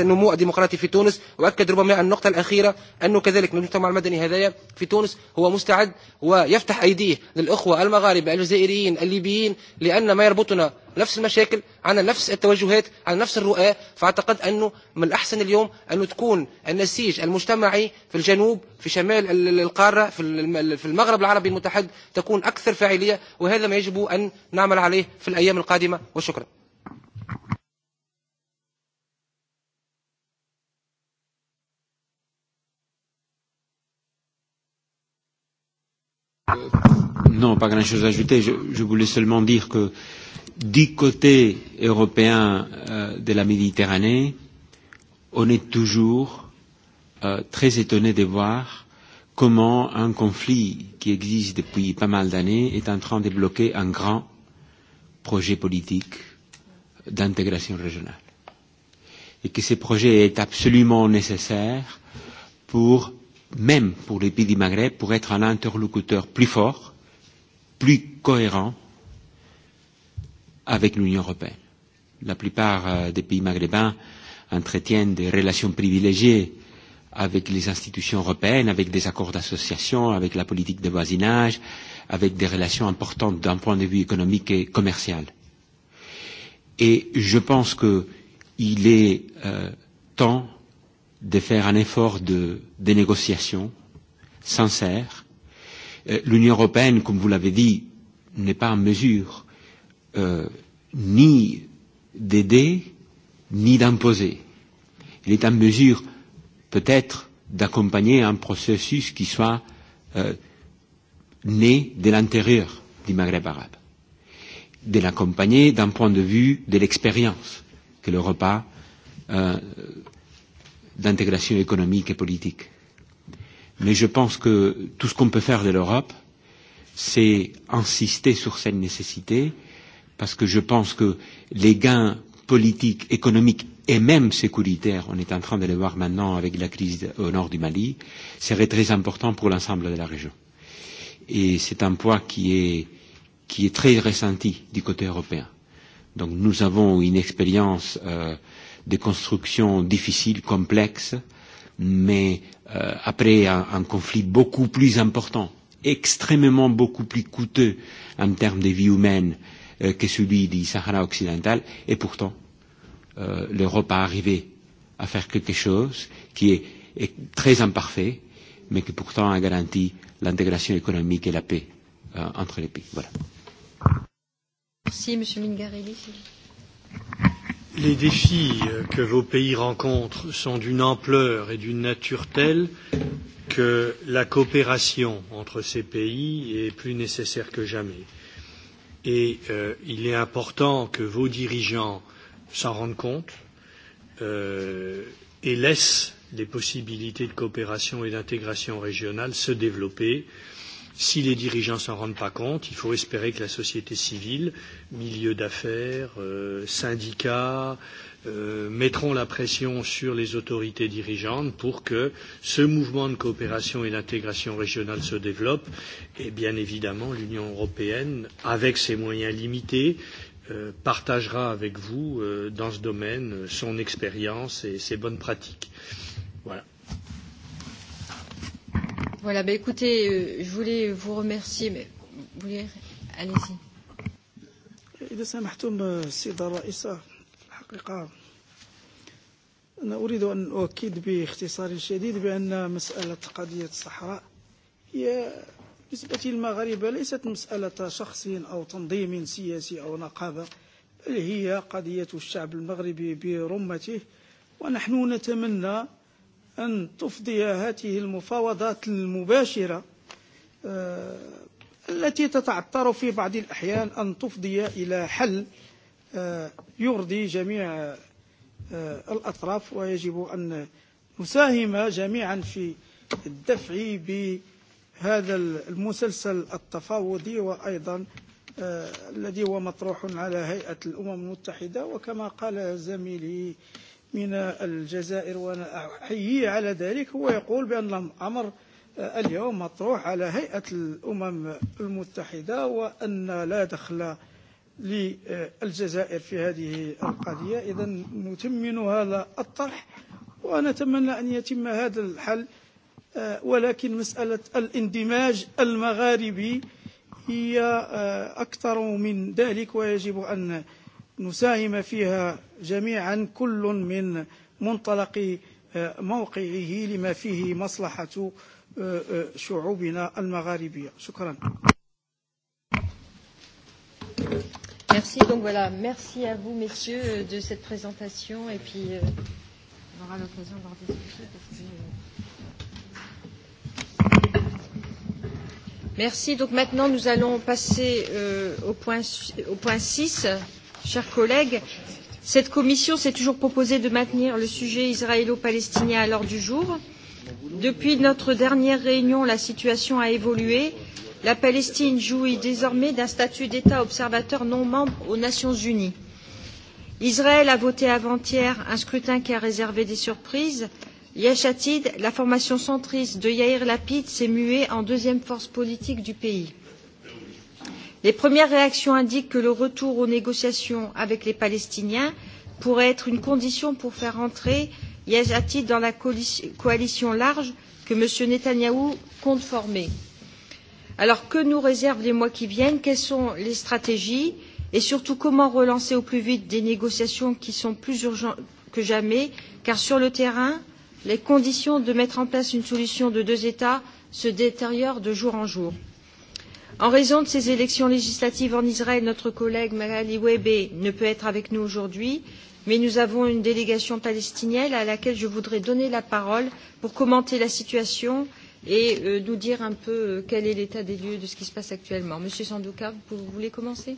Speaker 8: النمو الديمقراطي في تونس وأكد ربما النقطة الأخيرة أنه كذلك من المجتمع المدني هذايا في تونس هو مستعد ويفتح أيديه للإخوة المغاربة الجزائريين الليبيين لأن ما يربطنا نفس المشاكل عن نفس التوجهات عن نفس الرؤى فأعتقد أنه من الأحسن اليوم أن تكون النسيج المجتمعي في الجنوب في شمال القارة في المغرب العربي المتحد تكون أكثر فاعلية وهذا ما يجب أن نعمل عليه في الأيام القادمة
Speaker 4: وشكرا
Speaker 3: Non, pas grand-chose à ajouter. Je, je voulais seulement dire que euh, du côté européen euh, de la Méditerranée, on est toujours euh, très étonné de voir comment un conflit qui existe depuis pas mal d'années est en train de bloquer un grand projet politique d'intégration régionale. Et que ce projet est absolument nécessaire pour, même pour les pays du Maghreb, pour être un interlocuteur plus fort, plus cohérent avec l'Union européenne. La plupart des pays maghrébins entretiennent des relations privilégiées avec les institutions européennes, avec des accords d'association, avec la politique de voisinage, avec des relations importantes d'un point de vue économique et commercial. Et je pense qu'il est euh, temps de faire un effort de, de négociation sincère. Euh, L'Union européenne, comme vous l'avez dit, n'est pas en mesure euh, ni d'aider, ni d'imposer. Il est en mesure, peut-être, d'accompagner un processus qui soit euh, né de l'intérieur du Maghreb arabe, de l'accompagner d'un point de vue de l'expérience que le repas euh, d'intégration économique et politique. Mais je pense que tout ce qu'on peut faire de l'Europe, c'est insister sur cette nécessité parce que je pense que les gains politiques, économiques et même sécuritaires, on est en train de les voir maintenant avec la crise au nord du Mali, seraient très importants pour l'ensemble de la région. Et c'est un poids qui est, qui est très ressenti du côté européen. Donc nous avons une expérience euh, de construction difficile, complexe, mais euh, après un, un conflit beaucoup plus important, extrêmement beaucoup plus coûteux en termes de vie humaine, euh, euh, que celui du Sahara occidental, et pourtant euh, l'Europe a arrivé à faire quelque chose qui est, est très imparfait, mais qui pourtant a garanti l'intégration économique et la paix euh, entre les pays. Voilà.
Speaker 1: Merci, Monsieur Mingarelli.
Speaker 2: Les défis que vos pays rencontrent sont d'une ampleur et d'une nature telle que la coopération entre ces pays est plus nécessaire que jamais. Et il est important que vos dirigeants s'en rendent compte et laissent les possibilités de coopération et d'intégration régionale se développer. Si les dirigeants ne s'en rendent pas compte, il faut espérer que la société civile, milieu d'affaires, syndicats, mettront la pression sur les autorités dirigeantes pour que ce mouvement de coopération et d'intégration régionale se développe. Et bien évidemment, l'Union européenne, avec ses moyens limités, partagera avec vous dans ce domaine son expérience et ses bonnes pratiques. Voilà.
Speaker 1: Voilà, bah écoutez, je voulais vous remercier, mais vous voulez, allez-y.
Speaker 4: الحقيقة أنا أريد أن أؤكد باختصار شديد بأن مسألة قضية الصحراء هي بالنسبة للمغاربة ليست مسألة شخص أو تنظيم سياسي أو نقابة بل هي قضية الشعب المغربي برمته ونحن نتمنى أن تفضي هذه المفاوضات المباشرة التي تتعثر في بعض الأحيان أن تفضي إلى حل يرضي جميع الأطراف ويجب أن نساهم جميعا في الدفع بهذا المسلسل التفاوضي وأيضا الذي هو مطروح على هيئة الأمم المتحدة وكما قال زميلي من الجزائر وأنا أحييه على ذلك هو يقول بأن الأمر اليوم مطروح على هيئة الأمم المتحدة وأن لا دخل للجزائر في هذه القضية إذا نتمن هذا الطرح ونتمنى أن يتم هذا الحل ولكن مسألة الاندماج المغاربي هي أكثر من ذلك ويجب أن نساهم فيها جميعا كل من منطلق موقعه لما فيه مصلحة شعوبنا المغاربية شكرا
Speaker 1: Merci. Donc voilà, merci à vous, messieurs, de cette présentation. Et puis, euh, on aura l'occasion d'en discuter. Parce que, euh... Merci. Donc maintenant, nous allons passer euh, au, point, au point 6. Chers collègues, cette commission s'est toujours proposée de maintenir le sujet israélo-palestinien à l'ordre du jour. Depuis notre dernière réunion, la situation a évolué la Palestine jouit désormais d'un statut d'État observateur non membre aux Nations unies. Israël a voté avant-hier un scrutin qui a réservé des surprises. Yesh Atid, la formation centriste de Yair Lapid, s'est muée en deuxième force politique du pays. Les premières réactions indiquent que le retour aux négociations avec les Palestiniens pourrait être une condition pour faire entrer Yesh Atid dans la coalition large que M. Netanyahou compte former. Alors que nous réservent les mois qui viennent Quelles sont les stratégies Et surtout, comment relancer au plus vite des négociations qui sont plus urgentes que jamais Car sur le terrain, les conditions de mettre en place une solution de deux États se détériorent de jour en jour. En raison de ces élections législatives en Israël, notre collègue Magali Webe ne peut être avec nous aujourd'hui, mais nous avons une délégation palestinienne à laquelle je voudrais donner la parole pour commenter la situation et euh, nous dire un peu quel est l'état des lieux de ce qui se passe actuellement. Monsieur Sandoka, vous, voulez commencer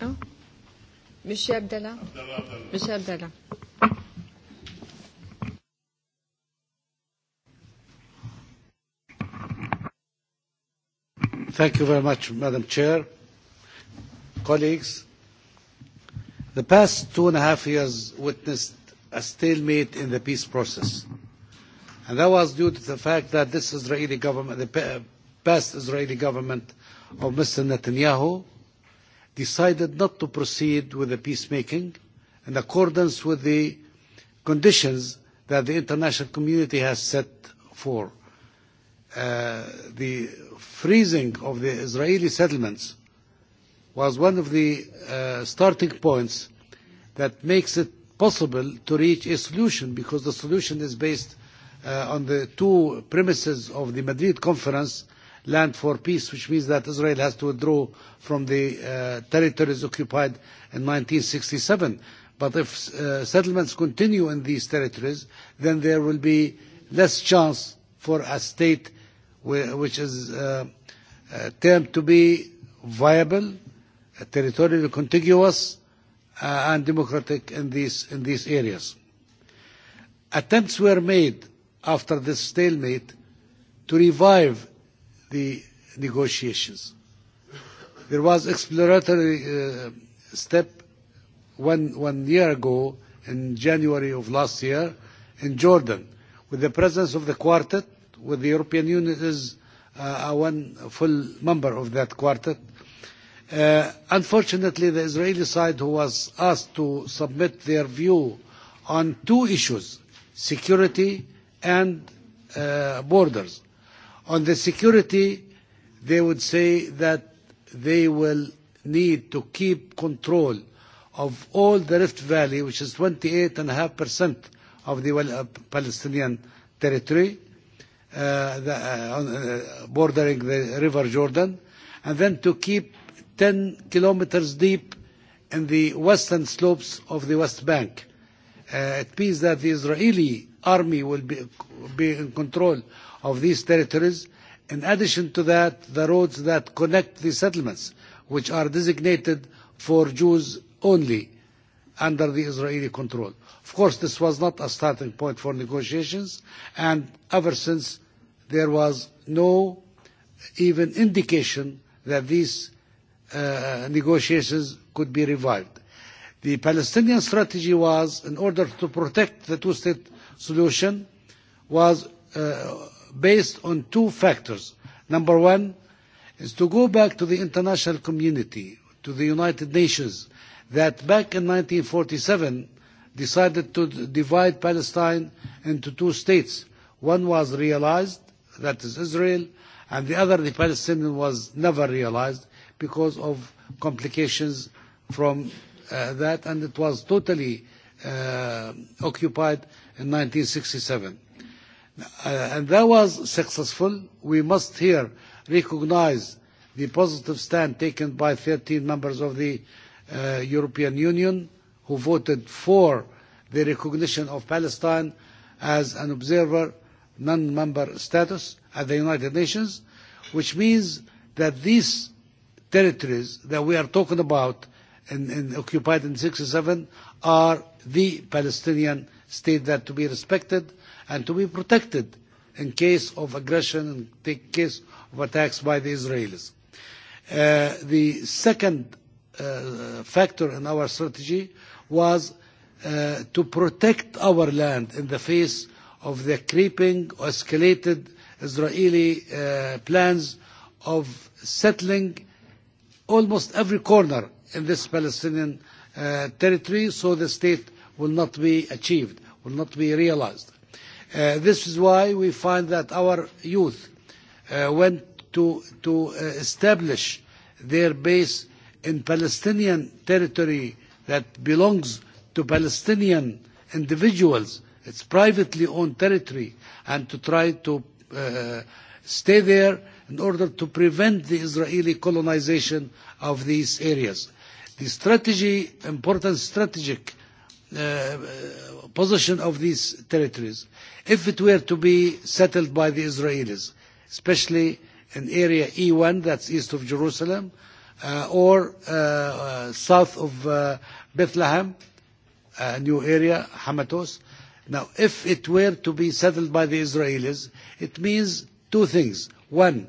Speaker 1: hein Monsieur Abdallah Monsieur Abdallah.
Speaker 9: Thank you very much, Madam Chair. Colleagues, the past two and a half years witnessed a stalemate in the peace process. And that was due to the fact that this Israeli government, the past Israeli government of Mr. Netanyahu, decided not to proceed with the peacemaking in accordance with the conditions that the international community has set for. the freezing of the Israeli settlements was one of the starting points that makes it possible to reach a solution because the solution is based uh, on the two premises of the Madrid conference, land for peace, which means that Israel has to withdraw from the uh, territories occupied in 1967. But if uh, settlements continue in these territories, then there will be less chance for a state which is uh, uh, termed to be viable, territorially contiguous, and democratic in these, in these areas. Attempts were made after the stalemate to revive the negotiations. There was exploratory uh, step one, one year ago in January of last year in Jordan with the presence of the quartet, with the European Union is uh, one full member of that quartet, unfortunately, the Israeli side, who was asked to submit their view on two issues, security and borders. On the security, they would say that they will need to keep control of all the Rift Valley, which is 28.5% of the Palestinian territory, uh, the, uh, bordering the River Jordan, and then to keep 10 kilometers deep in the western slopes of the West Bank. it means that the Israeli army will be, be in control of these territories. In addition to that, the roads that connect the settlements, which are designated for Jews only under the Israeli control. Of course, this was not a starting point for negotiations, and ever since there was no even indication that these uh, negotiations could be revived. The Palestinian strategy was, in order to protect the two-state solution, was uh, based on two factors. Number one is to go back to the international community, to the United Nations, that back in 1947 decided to divide Palestine into two states. One was realized, that is Israel, and the other, the Palestinian, was never realized, because of complications from uh, that, and it was totally uh, occupied in 1967. Uh, and that was successful. We must here recognize the positive stand taken by 13 members of the uh, European Union who voted for the recognition of Palestine as an observer non-member status at the United Nations, which means that this territories that we are talking about in, in occupied in 67 are the Palestinian state that to be respected and to be protected in case of aggression and in case of attacks by the Israelis. Uh, the second uh, factor in our strategy was uh, to protect our land in the face of the creeping, or escalated Israeli uh, plans of settling almost every corner in this Palestinian uh, territory, so the state will not be achieved, will not be realized. Uh, this is why we find that our youth uh, went to, to uh, establish their base in Palestinian territory that belongs to Palestinian individuals. It's privately owned territory, and to try to uh, stay there in order to prevent the Israeli colonization of these areas. The strategy, important strategic position of these territories, if it were to be settled by the Israelis, especially in area E1, that's east of Jerusalem, or south of Bethlehem, a new area, Hamatos. Now, if it were to be settled by the Israelis, it means two things. One,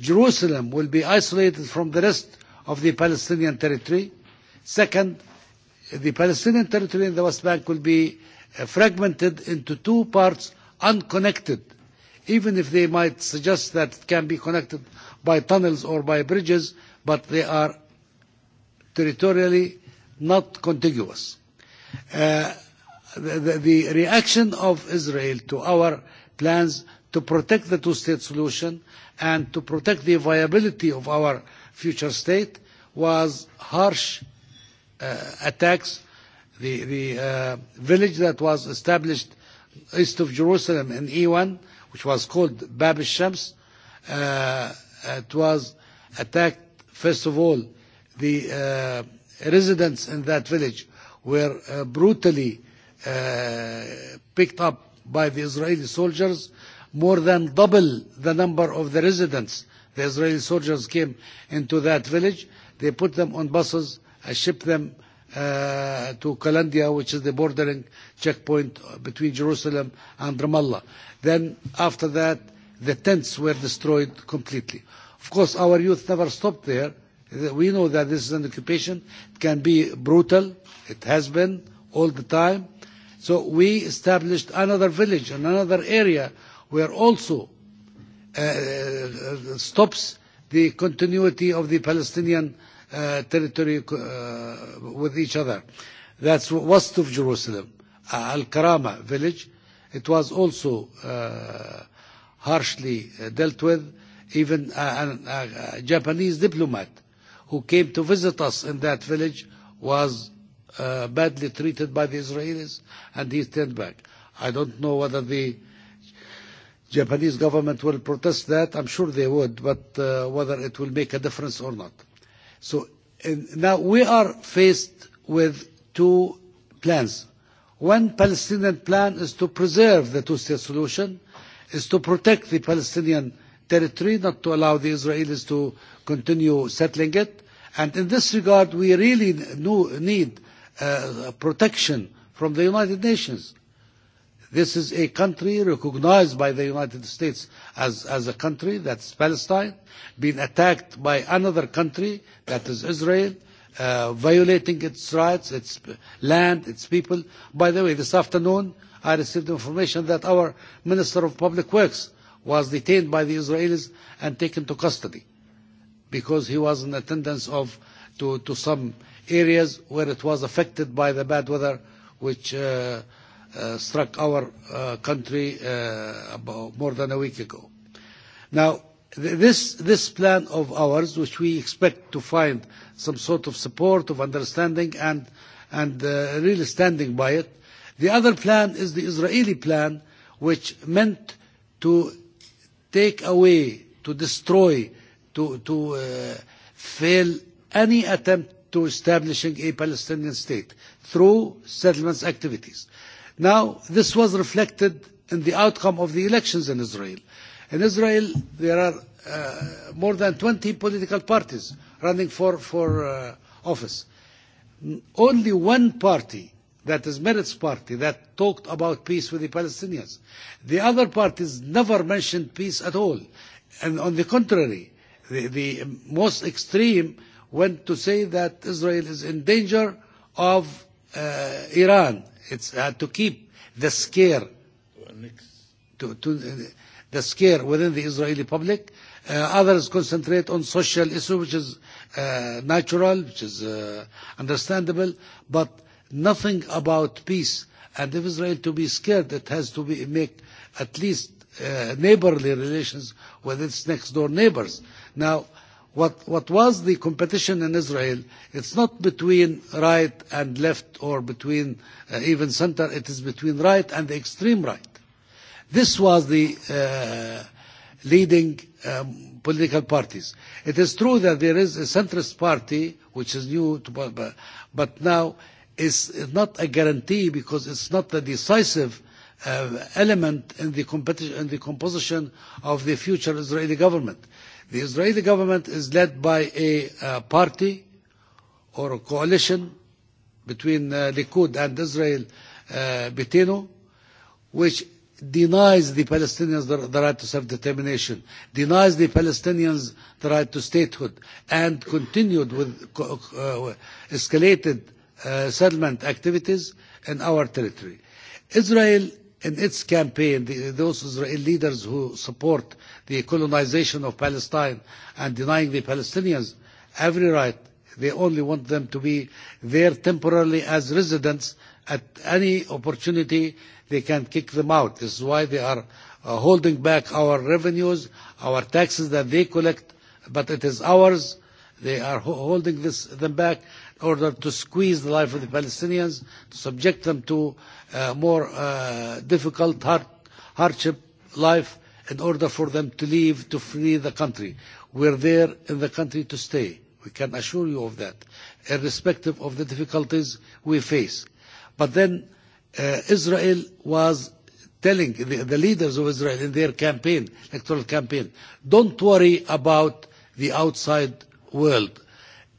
Speaker 9: Jerusalem will be isolated from the rest of the Palestinian territory. Second, the Palestinian territory in the West Bank will be fragmented into two parts unconnected, even if they might suggest that it can be connected by tunnels or by bridges, but they are territorially not contiguous. the, reaction of Israel to our plans to protect the two-state solution and to protect the viability of our future state was harsh attacks. The, the village that was established east of Jerusalem in Ewan, which was called Bab al-Shams, it was attacked, first of all, the residents in that village were brutally picked up by the Israeli soldiers more than double the number of the residents. The Israeli soldiers came into that village. They put them on buses, and shipped them uh, to Kalandia, which is the bordering checkpoint between Jerusalem and Ramallah. Then, after that, the tents were destroyed completely. Of course, our youth never stopped there. We know that this is an occupation. It can be brutal. It has been all the time. So we established another village and another area where also stops the continuity of the Palestinian territory with each other. That's west of Jerusalem, Al-Karama village. It was also harshly dealt with. Even a, Japanese diplomat who came to visit us in that village was badly treated by the Israelis, and he turned back. I don't know whether the Japanese government will protest that. I'm sure they would, but uh, whether it will make a difference or not. So in, now we are faced with two plans. One Palestinian plan is to preserve the two-state solution, is to protect the Palestinian territory, not to allow the Israelis to continue settling it. And in this regard, we really need protection from the United Nations This is a country recognized by the United States as, as a country, that's Palestine, being attacked by another country, that is Israel, uh, violating its rights, its land, its people. By the way, this afternoon I received information that our Minister of Public Works was detained by the Israelis and taken to custody because he was in attendance of to, to some areas where it was affected by the bad weather which uh, struck our uh country uh about more than a week ago. Now, th this, this plan of ours, which we expect to find some sort of support, of understanding, and, and really standing by it, the other plan is the Israeli plan, which meant to take away, to destroy, to, to uh, fail any attempt to establishing a Palestinian state through settlements activities Now, this was reflected in the outcome of the elections in Israel. In Israel, there are uh, more than 20 political parties running for, for uh, office. Only one party, that is Meretz party, that talked about peace with the Palestinians. The other parties never mentioned peace at all. And on the contrary, the, the most extreme went to say that Israel is in danger of uh, Iran it's uh, to keep the scare to, to uh the scare within the Israeli public. Uh, others concentrate on social issue, which is uh, natural, which is uh, understandable, but nothing about peace. And if Israel to be scared, it has to be, make at least uh, neighborly relations with its next door neighbors. Now, what, what was the competition in Israel, it's not between right and left or between uh, even center, it is between right and the extreme right. This was the uh, leading um, political parties. It is true that there is a centrist party, which is new, to, but now is not a guarantee because it's not the decisive uh, element in the, competition, in the composition of the future Israeli government The Israeli government is led by a uh, party or a coalition between uh, Likud and Israel uh, Betino, which denies the Palestinians the, the right to self-determination, denies the Palestinians the right to statehood, and continued with uh, escalated uh, settlement activities in our territory. Israel, in its campaign, the, those Israeli leaders who support uh, the colonization of Palestine and denying the Palestinians every right. They only want them to be there temporarily as residents. At any opportunity, they can kick them out. This is why they are uh, holding back our revenues, our taxes that they collect, but it is ours. They are ho- holding this, them back in order to squeeze the life of the Palestinians, to subject them to uh, more uh, difficult, hard, hardship life in order for them to leave to flee the country. We're there in the country to stay. We can assure you of that, irrespective of the difficulties we face. But then uh, Israel was telling the, the leaders of Israel in their campaign, electoral campaign, don't worry about the outside world.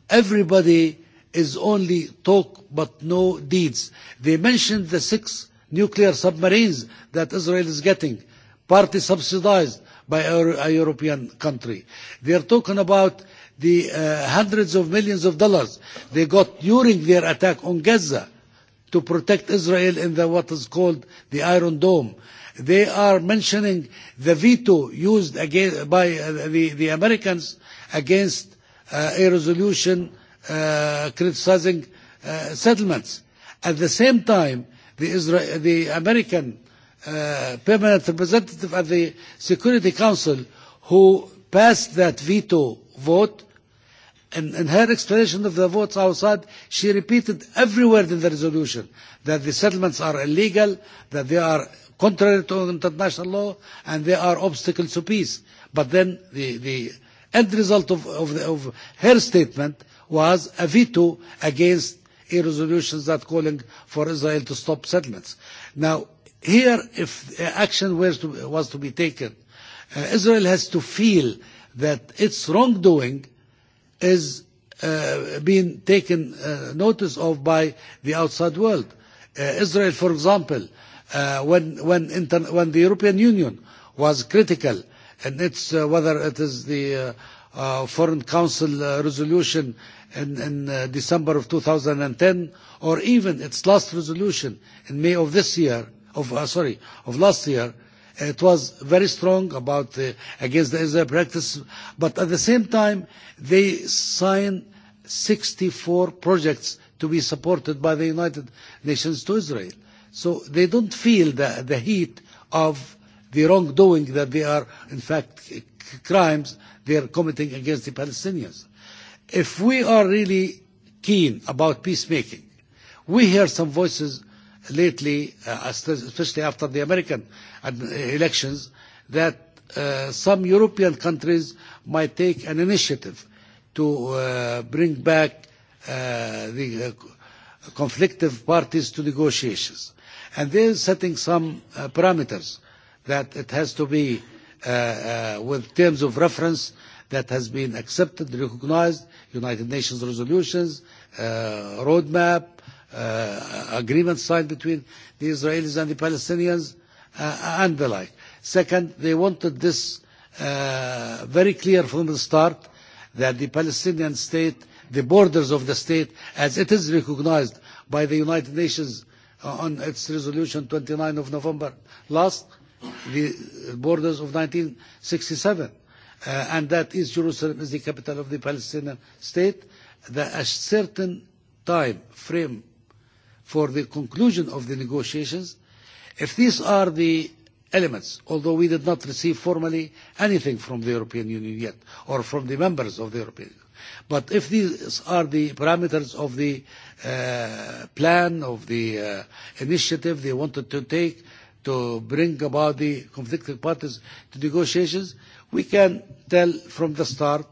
Speaker 9: Everybody is only talk but no deeds. They mentioned the six nuclear submarines that Israel is getting partly subsidized by a European country. They are talking about the uh, hundreds of millions of dollars they got during their attack on Gaza to protect Israel in the, what is called the Iron Dome. They are mentioning the veto used against, by the, the Americans against uh, a resolution uh, criticizing uh, settlements. At the same time, the, Israel, the American permanent representative at the Security Council who passed that veto vote. And in her explanation of the votes outside, she repeated every word in the resolution that the settlements are illegal, that they are contrary to international law, and they are obstacles to peace. But then the, the end result of, of, the, of her statement was a veto against a resolution that calling for Israel to stop settlements. Now, Here, if action was to, was to be taken, uh, Israel has to feel that its wrongdoing is uh, being taken uh, notice of by the outside world. Uh, Israel, for example, uh, when, when, inter- when the European Union was critical, and it's uh, whether it is the uh, uh, Foreign Council uh, resolution in, in uh, December of 2010 or even its last resolution in May of this year, of uh, sorry of last year, it was very strong about uh, against the Israel practice. But at the same time, they signed 64 projects to be supported by the United Nations to Israel. So they don't feel the, the heat of the wrongdoing that they are, in fact, crimes they are committing against the Palestinians. If we are really keen about peacemaking, we hear some voices lately, uh especially after the American elections, that some European countries might take an initiative to bring back the conflictive parties to negotiations. And they are setting some parameters that it has to be with terms of reference that has been accepted, recognised, United Nations resolutions, roadmap, uh, agreement signed between the Israelis and the Palestinians uh, and the like. Second, they wanted this uh, very clear from the start that the Palestinian state, the borders of the state, as it is recognized by the United Nations on its resolution 29 of November last, the borders of 1967, uh, and that East Jerusalem is the capital of the Palestinian state, that a certain time frame for the conclusion of the negotiations, if these are the elements, although we did not receive formally anything from the European Union yet, or from the members of the European Union. But if these are the parameters of the uh, plan, of the uh, initiative they wanted to take to bring about the conflicted parties to negotiations, we can tell from the start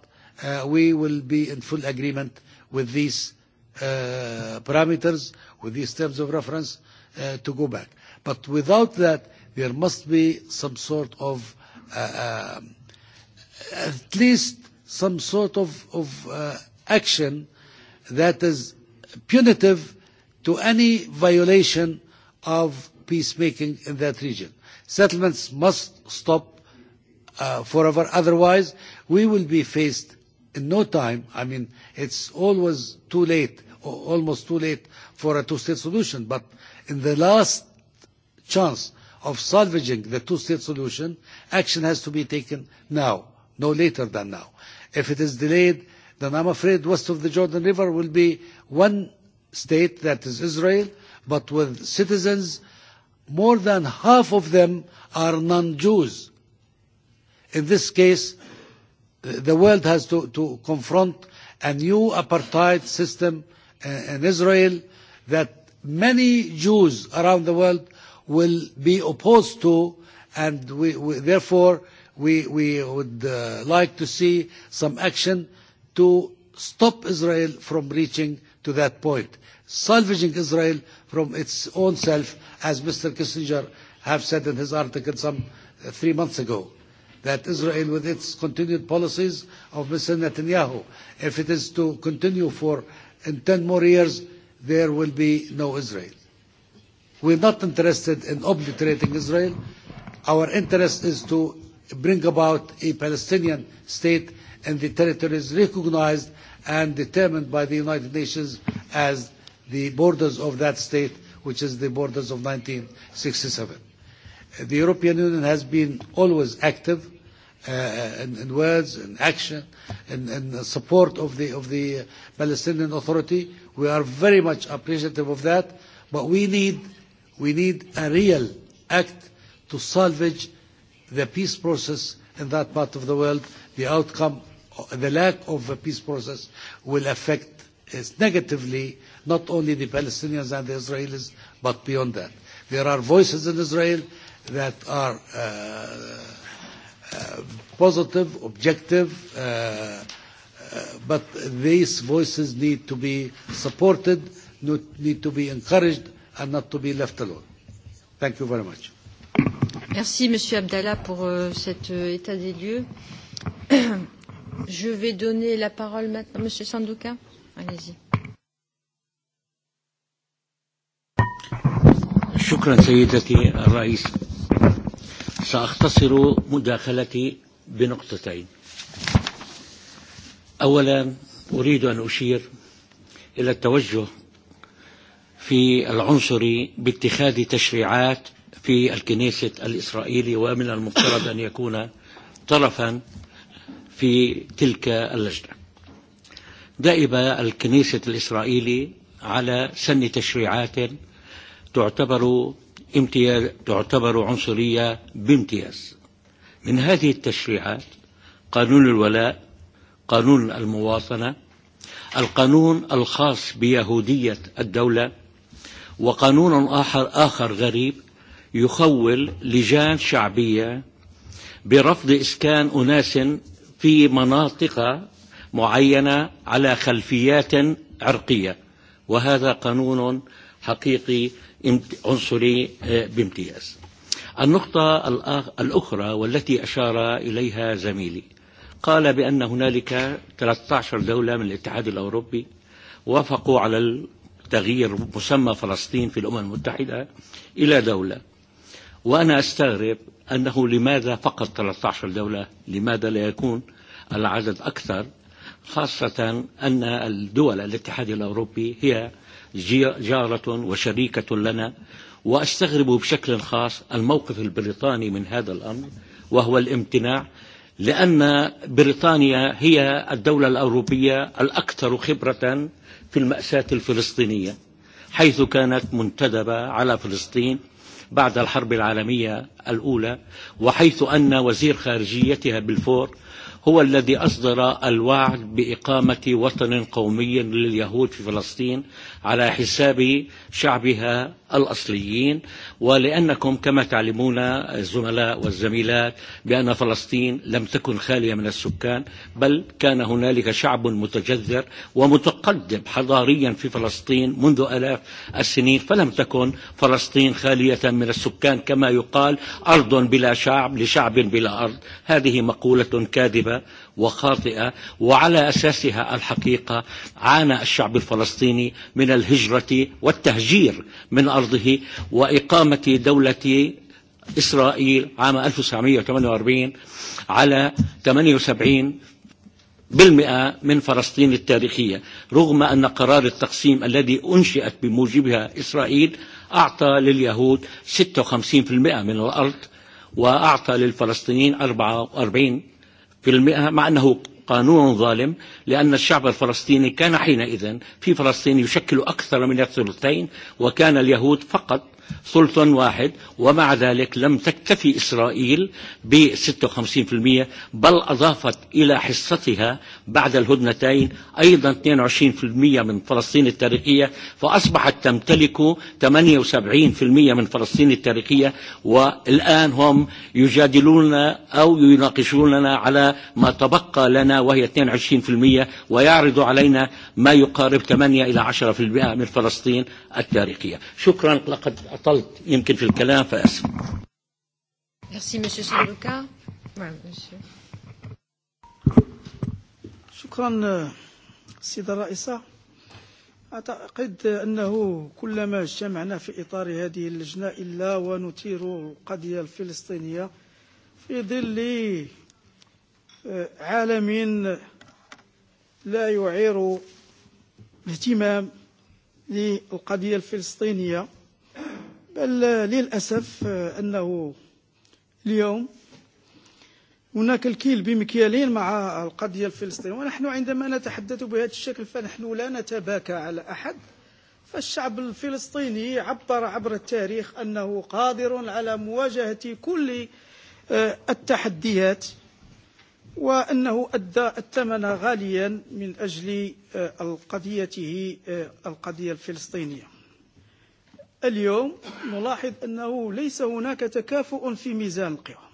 Speaker 9: uh, we will be in full agreement with these uh, parameters with these terms of reference uh, to go back. But without that, there must be some sort of, uh, uh, at least some sort of, of uh, action that is punitive to any violation of peacemaking in that region. Settlements must stop uh, forever, otherwise we will be faced in no time. I mean, it's always too late almost too late for a two-state solution, but in the last chance of salvaging the two-state solution, action has to be taken now, no later than now. If it is delayed, then I'm afraid west of the Jordan River will be one state, that is Israel, but with citizens, more than half of them are non-Jews. In this case, the world has to, to confront a new apartheid system in Israel that many Jews around the world will be opposed to, and we, we, therefore we, we would uh, like to see some action to stop Israel from reaching to that point, salvaging Israel from its own self, as Mr. Kissinger have said in his article some three months ago, that Israel, with its continued policies of Mr. Netanyahu, if it is to continue for in 10 more years, there will be no Israel. We're not interested in obliterating Israel. Our interest is to bring about a Palestinian state and the territories recognized and determined by the United Nations as the borders of that state, which is the borders of 1967. The European Union has been always active uh, in in words and action and, and support of the, of the Palestinian Authority. We are very much appreciative of that, but we need, we need a real act to salvage the peace process in that part of the world. The outcome, the lack of a peace process will affect us negatively not only the Palestinians and the Israelis, but beyond that. There are voices in Israel that are uh, positive, objective, uh, uh, but these voices need to be supported, need to be encouraged, and not to be left alone. Thank you very much.
Speaker 1: Merci, Monsieur Abdallah, pour euh, cet euh, état des lieux. Je vais donner la parole maintenant Monsieur Sanduka. Allez-y.
Speaker 10: شكرا سيدتي الرئيس سأختصر مداخلتي بنقطتين أولا أريد أن أشير إلى التوجه في العنصري باتخاذ تشريعات في الكنيسة الإسرائيلي ومن المفترض أن يكون طرفا في تلك اللجنة دائب الكنيسة الإسرائيلي على سن تشريعات تعتبر امتياز تعتبر عنصرية بامتياز من هذه التشريعات قانون الولاء قانون المواطنة القانون الخاص بيهودية الدولة وقانون آخر, آخر غريب يخول لجان شعبية برفض إسكان أناس في مناطق معينة على خلفيات عرقية وهذا قانون حقيقي عنصري بامتياز النقطة الأخرى والتي أشار إليها زميلي قال بأن هنالك 13 دولة من الاتحاد الأوروبي وافقوا على تغيير مسمى فلسطين في الأمم المتحدة إلى دولة وأنا أستغرب أنه لماذا فقط 13 دولة لماذا لا يكون العدد أكثر خاصة أن الدول الاتحاد الأوروبي هي جارة وشريكة لنا وأستغرب بشكل خاص الموقف البريطاني من هذا الأمر وهو الامتناع لأن بريطانيا هي الدولة الأوروبية الأكثر خبرة في المأساة الفلسطينية حيث كانت منتدبة على فلسطين بعد الحرب العالمية الأولى وحيث أن وزير خارجيتها بالفور هو الذي أصدر الوعد بإقامة وطن قومي لليهود في فلسطين على حساب شعبها الأصليين ولأنكم كما تعلمون الزملاء والزميلات بأن فلسطين لم تكن خالية من السكان بل كان هنالك شعب متجذر ومتقدم حضاريا في فلسطين منذ ألاف السنين فلم تكن فلسطين خالية من السكان كما يقال أرض بلا شعب لشعب بلا أرض هذه مقولة كاذبة وخاطئة وعلى أساسها الحقيقة عانى الشعب الفلسطيني من الهجرة والتهجير من أرضه وإقامة دولة إسرائيل عام 1948 على 78 بالمئة من فلسطين التاريخية رغم أن قرار التقسيم الذي أنشئت بموجبها إسرائيل أعطى لليهود 56% من الأرض وأعطى للفلسطينيين 44 في المئة مع أنه قانون ظالم لأن الشعب الفلسطيني كان حينئذ في فلسطين يشكل أكثر من الثلثين وكان اليهود فقط سلطان واحد ومع ذلك لم تكتفي إسرائيل ب 56% بل أضافت إلى حصتها بعد الهدنتين أيضا 22% من فلسطين التاريخية فأصبحت تمتلك 78% من فلسطين التاريخية والآن هم يجادلون أو يناقشوننا على ما تبقى لنا وهي 22% ويعرض علينا ما يقارب 8 إلى 10% من فلسطين التاريخية شكرا لقد أطلت يمكن في الكلام فأسف
Speaker 4: شكرا سيدة الرئيسة أعتقد أنه كلما اجتمعنا في إطار هذه اللجنة إلا ونثير القضية الفلسطينية في ظل عالم لا يعير اهتمام للقضية الفلسطينية بل للأسف أنه اليوم هناك الكيل بمكيالين مع القضية الفلسطينية ونحن عندما نتحدث بهذا الشكل فنحن لا نتباكى على أحد فالشعب الفلسطيني عبر عبر التاريخ أنه قادر على مواجهة كل التحديات وأنه أدى الثمن غاليا من أجل قضيته القضية الفلسطينية اليوم نلاحظ أنه ليس هناك تكافؤ في ميزان القوى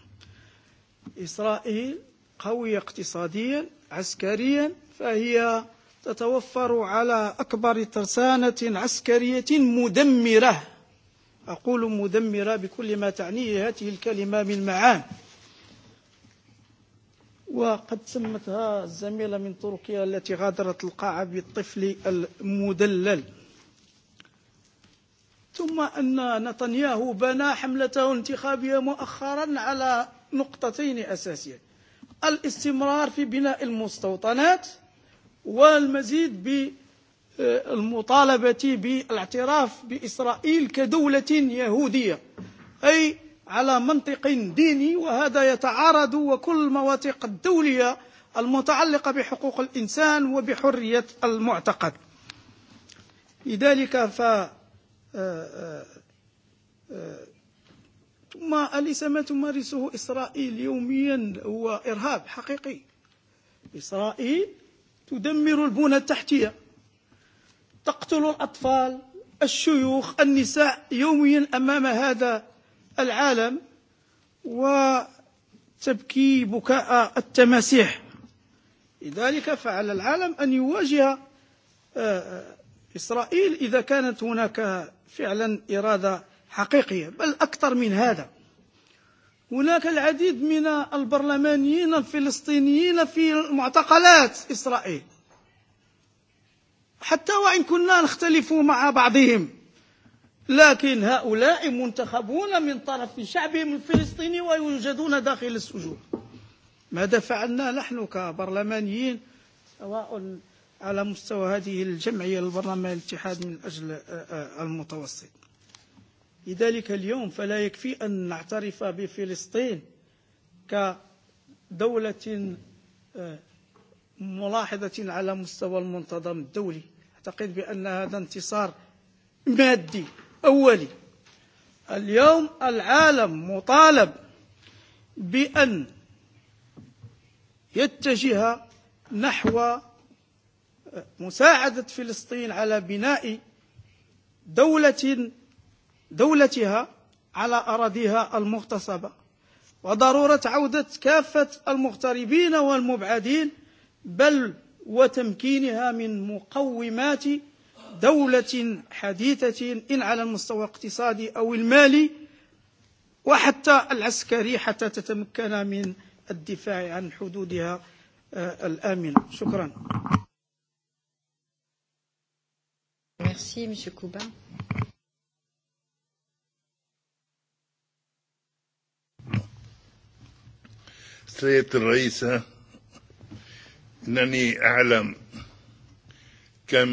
Speaker 4: إسرائيل قوية اقتصاديا عسكريا فهي تتوفر على أكبر ترسانة عسكرية مدمرة أقول مدمرة بكل ما تعنيه هذه الكلمة من معان وقد سمتها الزميلة من تركيا التي غادرت القاعة بالطفل المدلل ثم أن نتنياهو بنى حملته الانتخابية مؤخرا على نقطتين أساسية الاستمرار في بناء المستوطنات والمزيد بالمطالبة بالاعتراف بإسرائيل كدولة يهودية أي على منطق ديني وهذا يتعارض وكل المواثيق الدولية المتعلقة بحقوق الإنسان وبحرية المعتقد لذلك ف ثم أليس ما تمارسه إسرائيل يوميا هو إرهاب حقيقي إسرائيل تدمر البنى التحتية تقتل الأطفال الشيوخ النساء يوميا أمام هذا العالم وتبكي بكاء التماسيح لذلك فعلى العالم أن يواجه إسرائيل إذا كانت هناك فعلا إرادة حقيقية بل أكثر من هذا هناك العديد من البرلمانيين الفلسطينيين في معتقلات إسرائيل حتى وإن كنا نختلف مع بعضهم لكن هؤلاء منتخبون من طرف شعبهم الفلسطيني ويوجدون داخل السجون ماذا فعلنا نحن كبرلمانيين سواء على مستوى هذه الجمعية البرلمان الاتحاد من أجل المتوسط لذلك اليوم فلا يكفي أن نعترف بفلسطين كدولة ملاحظة على مستوى المنتظم الدولي أعتقد بأن هذا انتصار مادي أولي اليوم العالم مطالب بأن يتجه نحو مساعدة فلسطين على بناء دولة دولتها على أراضيها المغتصبة وضرورة عودة كافة المغتربين والمبعدين بل وتمكينها من مقومات دولة حديثة إن على المستوى الاقتصادي أو المالي وحتى العسكري حتى تتمكن من الدفاع عن حدودها الآمنة شكرا Merci, Monsieur Cuba.
Speaker 11: سيد الرئيس انني اعلم كم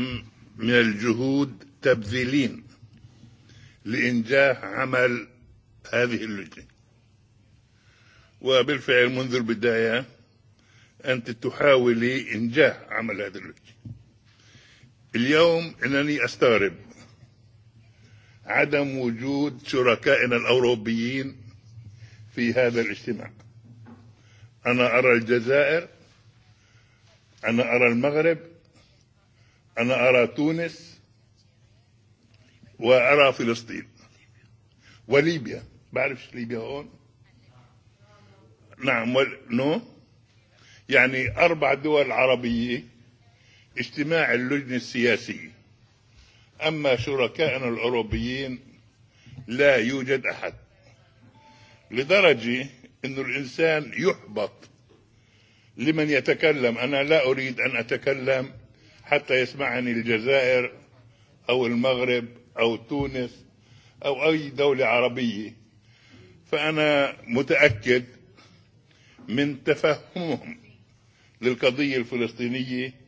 Speaker 11: من الجهود تبذلين لانجاح عمل هذه اللجنه وبالفعل منذ البدايه انت تحاولي انجاح عمل هذه اللجنه اليوم انني استغرب عدم وجود شركائنا الاوروبيين في هذا الاجتماع انا ارى الجزائر انا ارى المغرب انا ارى تونس وارى فلسطين وليبيا بعرف ليبيا هون نعم نو يعني اربع دول عربيه اجتماع اللجنة السياسية أما شركائنا الأوروبيين لا يوجد أحد لدرجة أن الإنسان يحبط لمن يتكلم أنا لا أريد أن أتكلم حتى يسمعني الجزائر أو المغرب أو تونس أو أي دولة عربية فأنا متأكد من تفهمهم للقضية الفلسطينية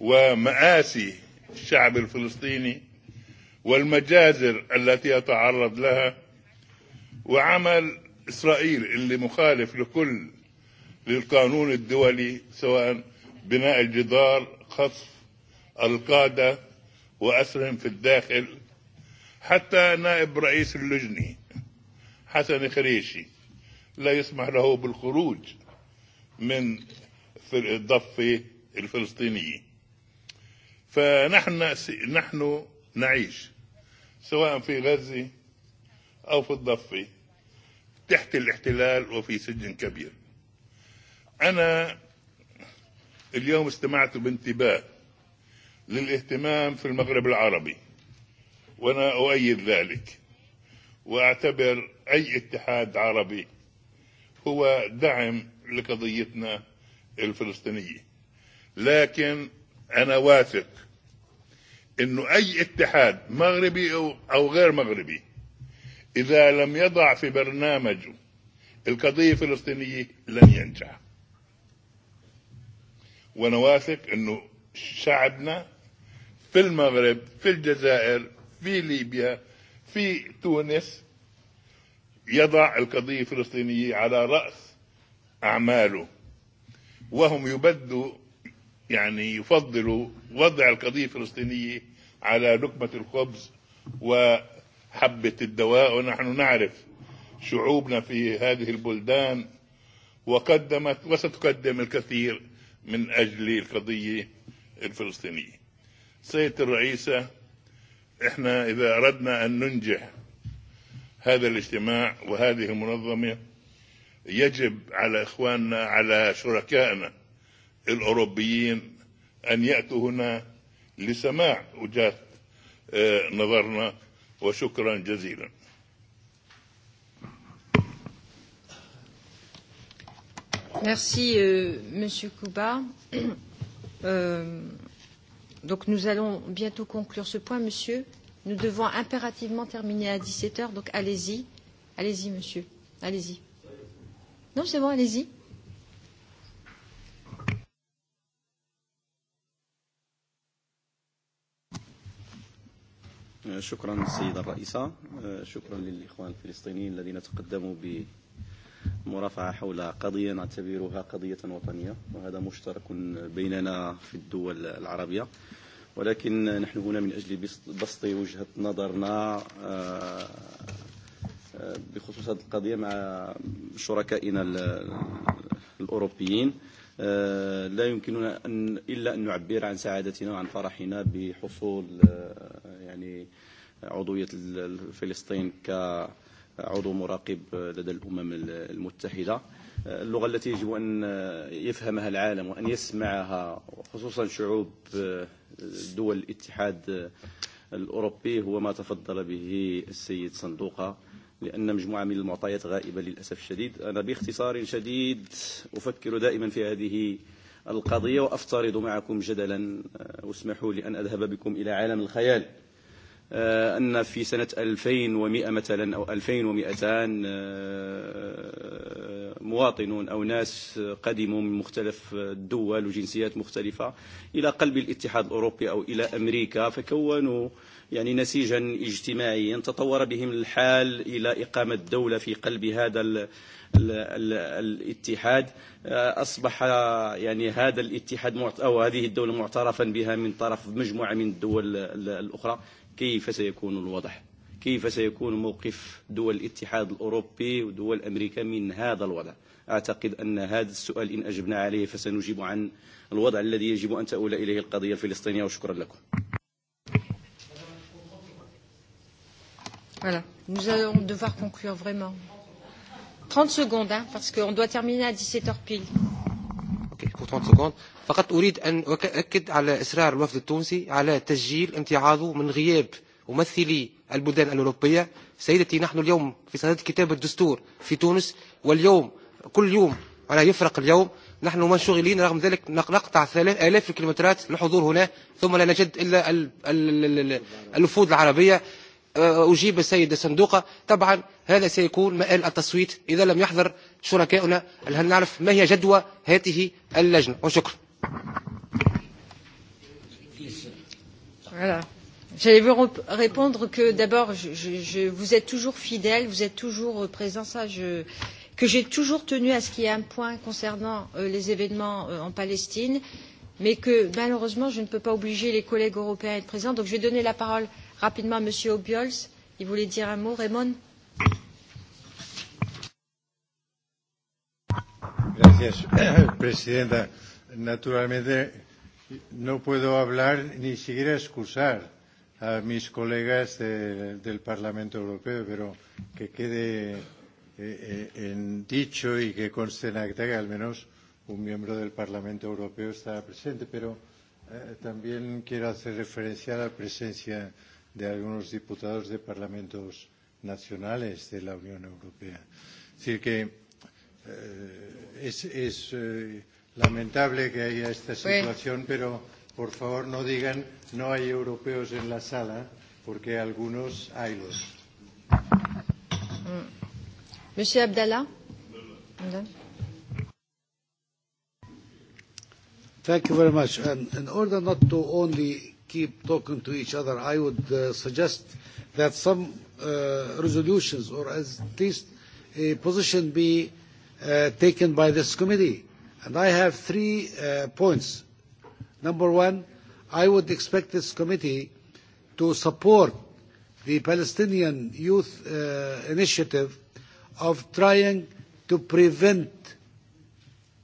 Speaker 11: ومآسي الشعب الفلسطيني والمجازر التي يتعرض لها وعمل إسرائيل اللي مخالف لكل للقانون الدولي سواء بناء الجدار خصف القادة وأسرهم في الداخل حتى نائب رئيس اللجنة حسن خريشي لا يسمح له بالخروج من الضفة الفلسطينية فنحن نحن نعيش سواء في غزة أو في الضفة تحت الاحتلال وفي سجن كبير أنا اليوم استمعت بانتباه للاهتمام في المغرب العربي وأنا أؤيد ذلك وأعتبر أي اتحاد عربي هو دعم لقضيتنا الفلسطينية لكن أنا واثق أنه أي اتحاد مغربي أو غير مغربي إذا لم يضع في برنامجه القضية الفلسطينية لن ينجح وأنا واثق أنه شعبنا في المغرب في الجزائر في ليبيا في تونس يضع القضية الفلسطينية على رأس أعماله وهم يبدوا يعني يفضلوا وضع القضية الفلسطينية على لقمة الخبز وحبة الدواء ونحن نعرف شعوبنا في هذه البلدان وقدمت وستقدم الكثير من أجل القضية الفلسطينية سيدة الرئيسة احنا إذا أردنا أن ننجح هذا الاجتماع وهذه المنظمة يجب على إخواننا على شركائنا الأوروبيين أن يأتوا هنا لسماع وجهة نظرنا وشكرا جزيلا
Speaker 1: Merci, euh, Monsieur Kuba. Euh, donc, nous allons bientôt conclure ce point, Monsieur. Nous devons impérativement terminer à 17 heures, donc allez-y. Allez-y, Monsieur. Allez-y. Non, c'est bon, allez-y.
Speaker 5: شكرا السيدة الرئيسة شكرا للإخوان الفلسطينيين الذين تقدموا بمرافعة حول قضية نعتبرها قضية وطنية وهذا مشترك بيننا في الدول العربية ولكن نحن هنا من أجل بسط وجهة نظرنا بخصوص هذه القضية مع شركائنا الأوروبيين لا يمكننا أن إلا أن نعبر عن سعادتنا وعن فرحنا بحصول عضوية فلسطين كعضو مراقب لدى الأمم المتحدة اللغة التي يجب أن يفهمها العالم وأن يسمعها خصوصا شعوب دول الاتحاد الأوروبي هو ما تفضل به السيد صندوقة لأن مجموعة من المعطيات غائبة للأسف الشديد أنا باختصار شديد أفكر دائما في هذه القضية وأفترض معكم جدلا واسمحوا لي أن أذهب بكم إلى عالم الخيال أن في سنة 2100 مثلا أو 2200 مواطنون أو ناس قدموا من مختلف الدول وجنسيات مختلفة إلى قلب الاتحاد الأوروبي أو إلى أمريكا فكونوا يعني نسيجا اجتماعيا تطور بهم الحال إلى إقامة دولة في قلب هذا الـ الـ الـ الاتحاد أصبح يعني هذا الاتحاد أو هذه الدولة معترفا بها من طرف مجموعة من الدول الأخرى كيف سيكون الوضع كيف سيكون موقف دول الاتحاد الأوروبي ودول أمريكا من هذا الوضع أعتقد أن هذا السؤال إن أجبنا عليه فسنجيب عن الوضع الذي يجب أن تأول إليه القضية الفلسطينية وشكرا لكم
Speaker 1: Voilà, nous allons devoir conclure vraiment. 30 secondes, hein, parce qu'on doit terminer à 17h pile.
Speaker 8: و 30 سكوند فقط اريد ان أؤكد على اصرار الوفد التونسي على تسجيل امتعاضه من غياب ممثلي البلدان الاوروبيه سيدتي نحن اليوم في صدد كتاب الدستور في تونس واليوم كل يوم على يفرق اليوم نحن مشغولين رغم ذلك نقطع ثلاث آلاف الكيلومترات للحضور هنا ثم لا نجد الا الوفود العربيه أجيب السيد الصندوق طبعا هذا سيكون مآل التصويت إذا لم يحضر شركاؤنا هل نعرف ما هي جدوى هذه اللجنة وشكرا
Speaker 1: J'allais vous répondre que d'abord, je, je, je, vous êtes toujours fidèle, vous êtes toujours présent, ça, je, que j'ai toujours tenu à ce qu'il y ait un point concernant euh, les événements euh, en Palestine, mais que malheureusement, je ne peux pas obliger les collègues européens à être présents. Donc, je vais donner la parole Rapidement, Monsieur Obiols, il voulait dire un mot. Raymond
Speaker 12: Gracias, Presidenta. Naturalmente, no puedo hablar ni siquiera excusar a mis colegas del Parlamento Europeo, pero que quede en dicho y que conste en acta que al menos un miembro del Parlamento Europeo está presente. Pero también quiero hacer referencia a la presencia de algunos diputados de parlamentos nacionales de la Unión Europea. Es decir, que es, es lamentable que haya esta situación, pero por favor no digan no hay europeos en la sala, porque algunos hay los.
Speaker 1: Monsieur Abdallah.
Speaker 9: Thank you very much. And in order not to only keep talking to each other, I would uh, suggest that some uh, resolutions or at least a position be uh, taken by this committee. And I have three uh, points. Number one, I would expect this committee to support the Palestinian youth uh, initiative of trying to prevent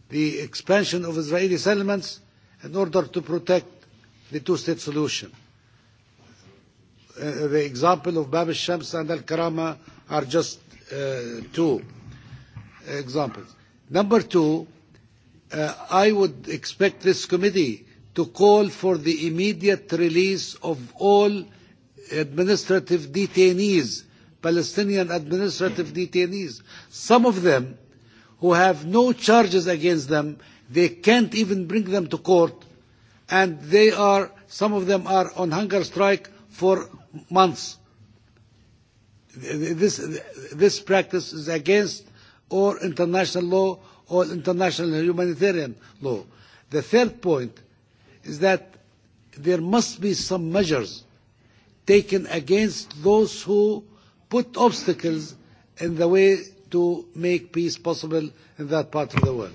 Speaker 9: the expansion of Israeli settlements in order to protect the two-state solution. Uh, the example of Bab al-Shams and al-Karama are just uh, two examples. Number two, uh, I would expect this committee to call for the immediate release of all administrative detainees, Palestinian administrative detainees. Some of them who have no charges against them, they can't even bring them to court and they are, some of them are on hunger strike for months. This, this practice is against all international law or international humanitarian law. The third point is that there must be some measures taken against those who put obstacles in the way to make peace possible in that part of the world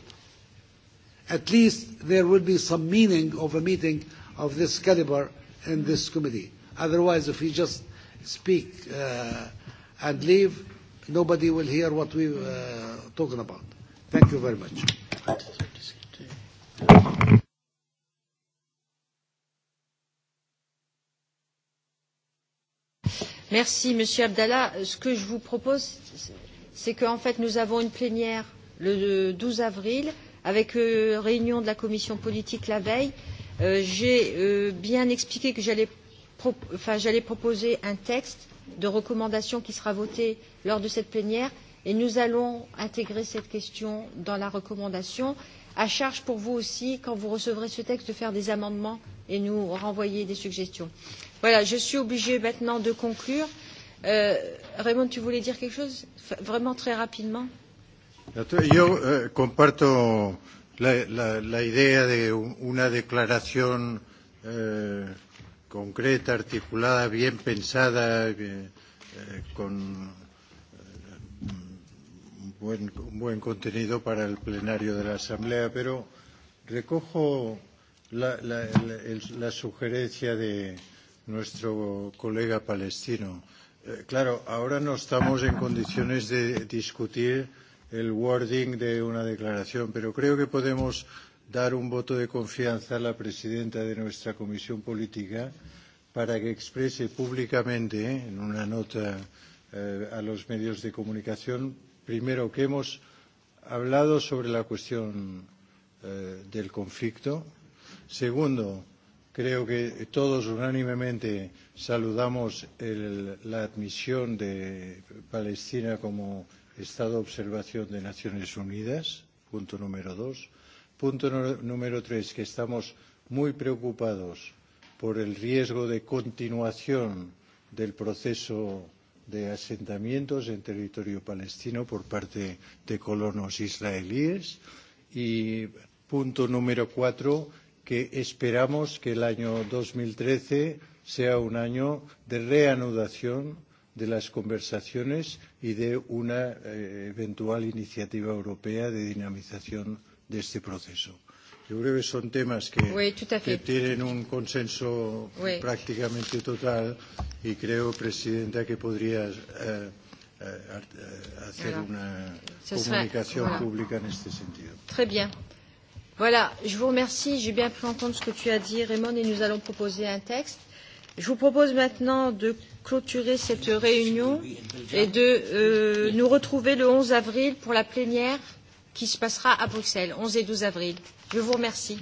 Speaker 9: at least there will be some meaning of a meeting of this caliber in this committee. Otherwise, if we just speak uh, and leave, nobody will hear what we uh, talking about. Thank you very much.
Speaker 1: Merci, Monsieur Abdallah. Ce que je vous propose, c'est qu'en fait, nous avons une plénière le 12 avril avec euh, réunion de la commission politique la veille, euh, j'ai euh, bien expliqué que j'allais pro enfin, proposer un texte de recommandation qui sera voté lors de cette plénière et nous allons intégrer cette question dans la recommandation. À charge pour vous aussi, quand vous recevrez ce texte, de faire des amendements et nous renvoyer des suggestions. Voilà, je suis obligée maintenant de conclure. Euh, Raymond, tu voulais dire quelque chose Vraiment très rapidement
Speaker 12: Yo eh, comparto la, la, la idea de una declaración eh, concreta, articulada, bien pensada, eh, eh, con buen, un buen contenido para el plenario de la Asamblea, pero recojo la, la, la, el, la sugerencia de nuestro colega palestino. Eh, claro, ahora no estamos en condiciones de discutir el wording de una declaración, pero creo que podemos dar un voto de confianza a la presidenta de nuestra comisión política para que exprese públicamente en una nota a los medios de comunicación, primero, que hemos hablado sobre la cuestión del conflicto. Segundo, creo que todos unánimemente saludamos la admisión de Palestina como estado de observación de Naciones Unidas, punto número dos. Punto número tres, que estamos muy preocupados por el riesgo de continuación del proceso de asentamientos en territorio palestino por parte de colonos israelíes. Y punto número cuatro, que esperamos que el año dos mil trece sea un año de reanudación de las conversaciones y de una eventual iniciativa europea de dinamización de este proceso. Yo creo que son temas que,
Speaker 1: oui, que
Speaker 12: tienen un consenso oui. prácticamente total y creo, Presidenta, que podrías hacer voilà. una Ce comunicación pública voilà. en este sentido.
Speaker 1: Très bien. Voilà, je vous remercie. J'ai bien pu entendre ce que tu as dit, Raymond, et nous allons proposer un texte. Je vous propose maintenant de clôturer cette réunion et de euh, nous retrouver le 11 avril pour la plénière qui se passera à Bruxelles, 11 et 12 avril. Je vous remercie.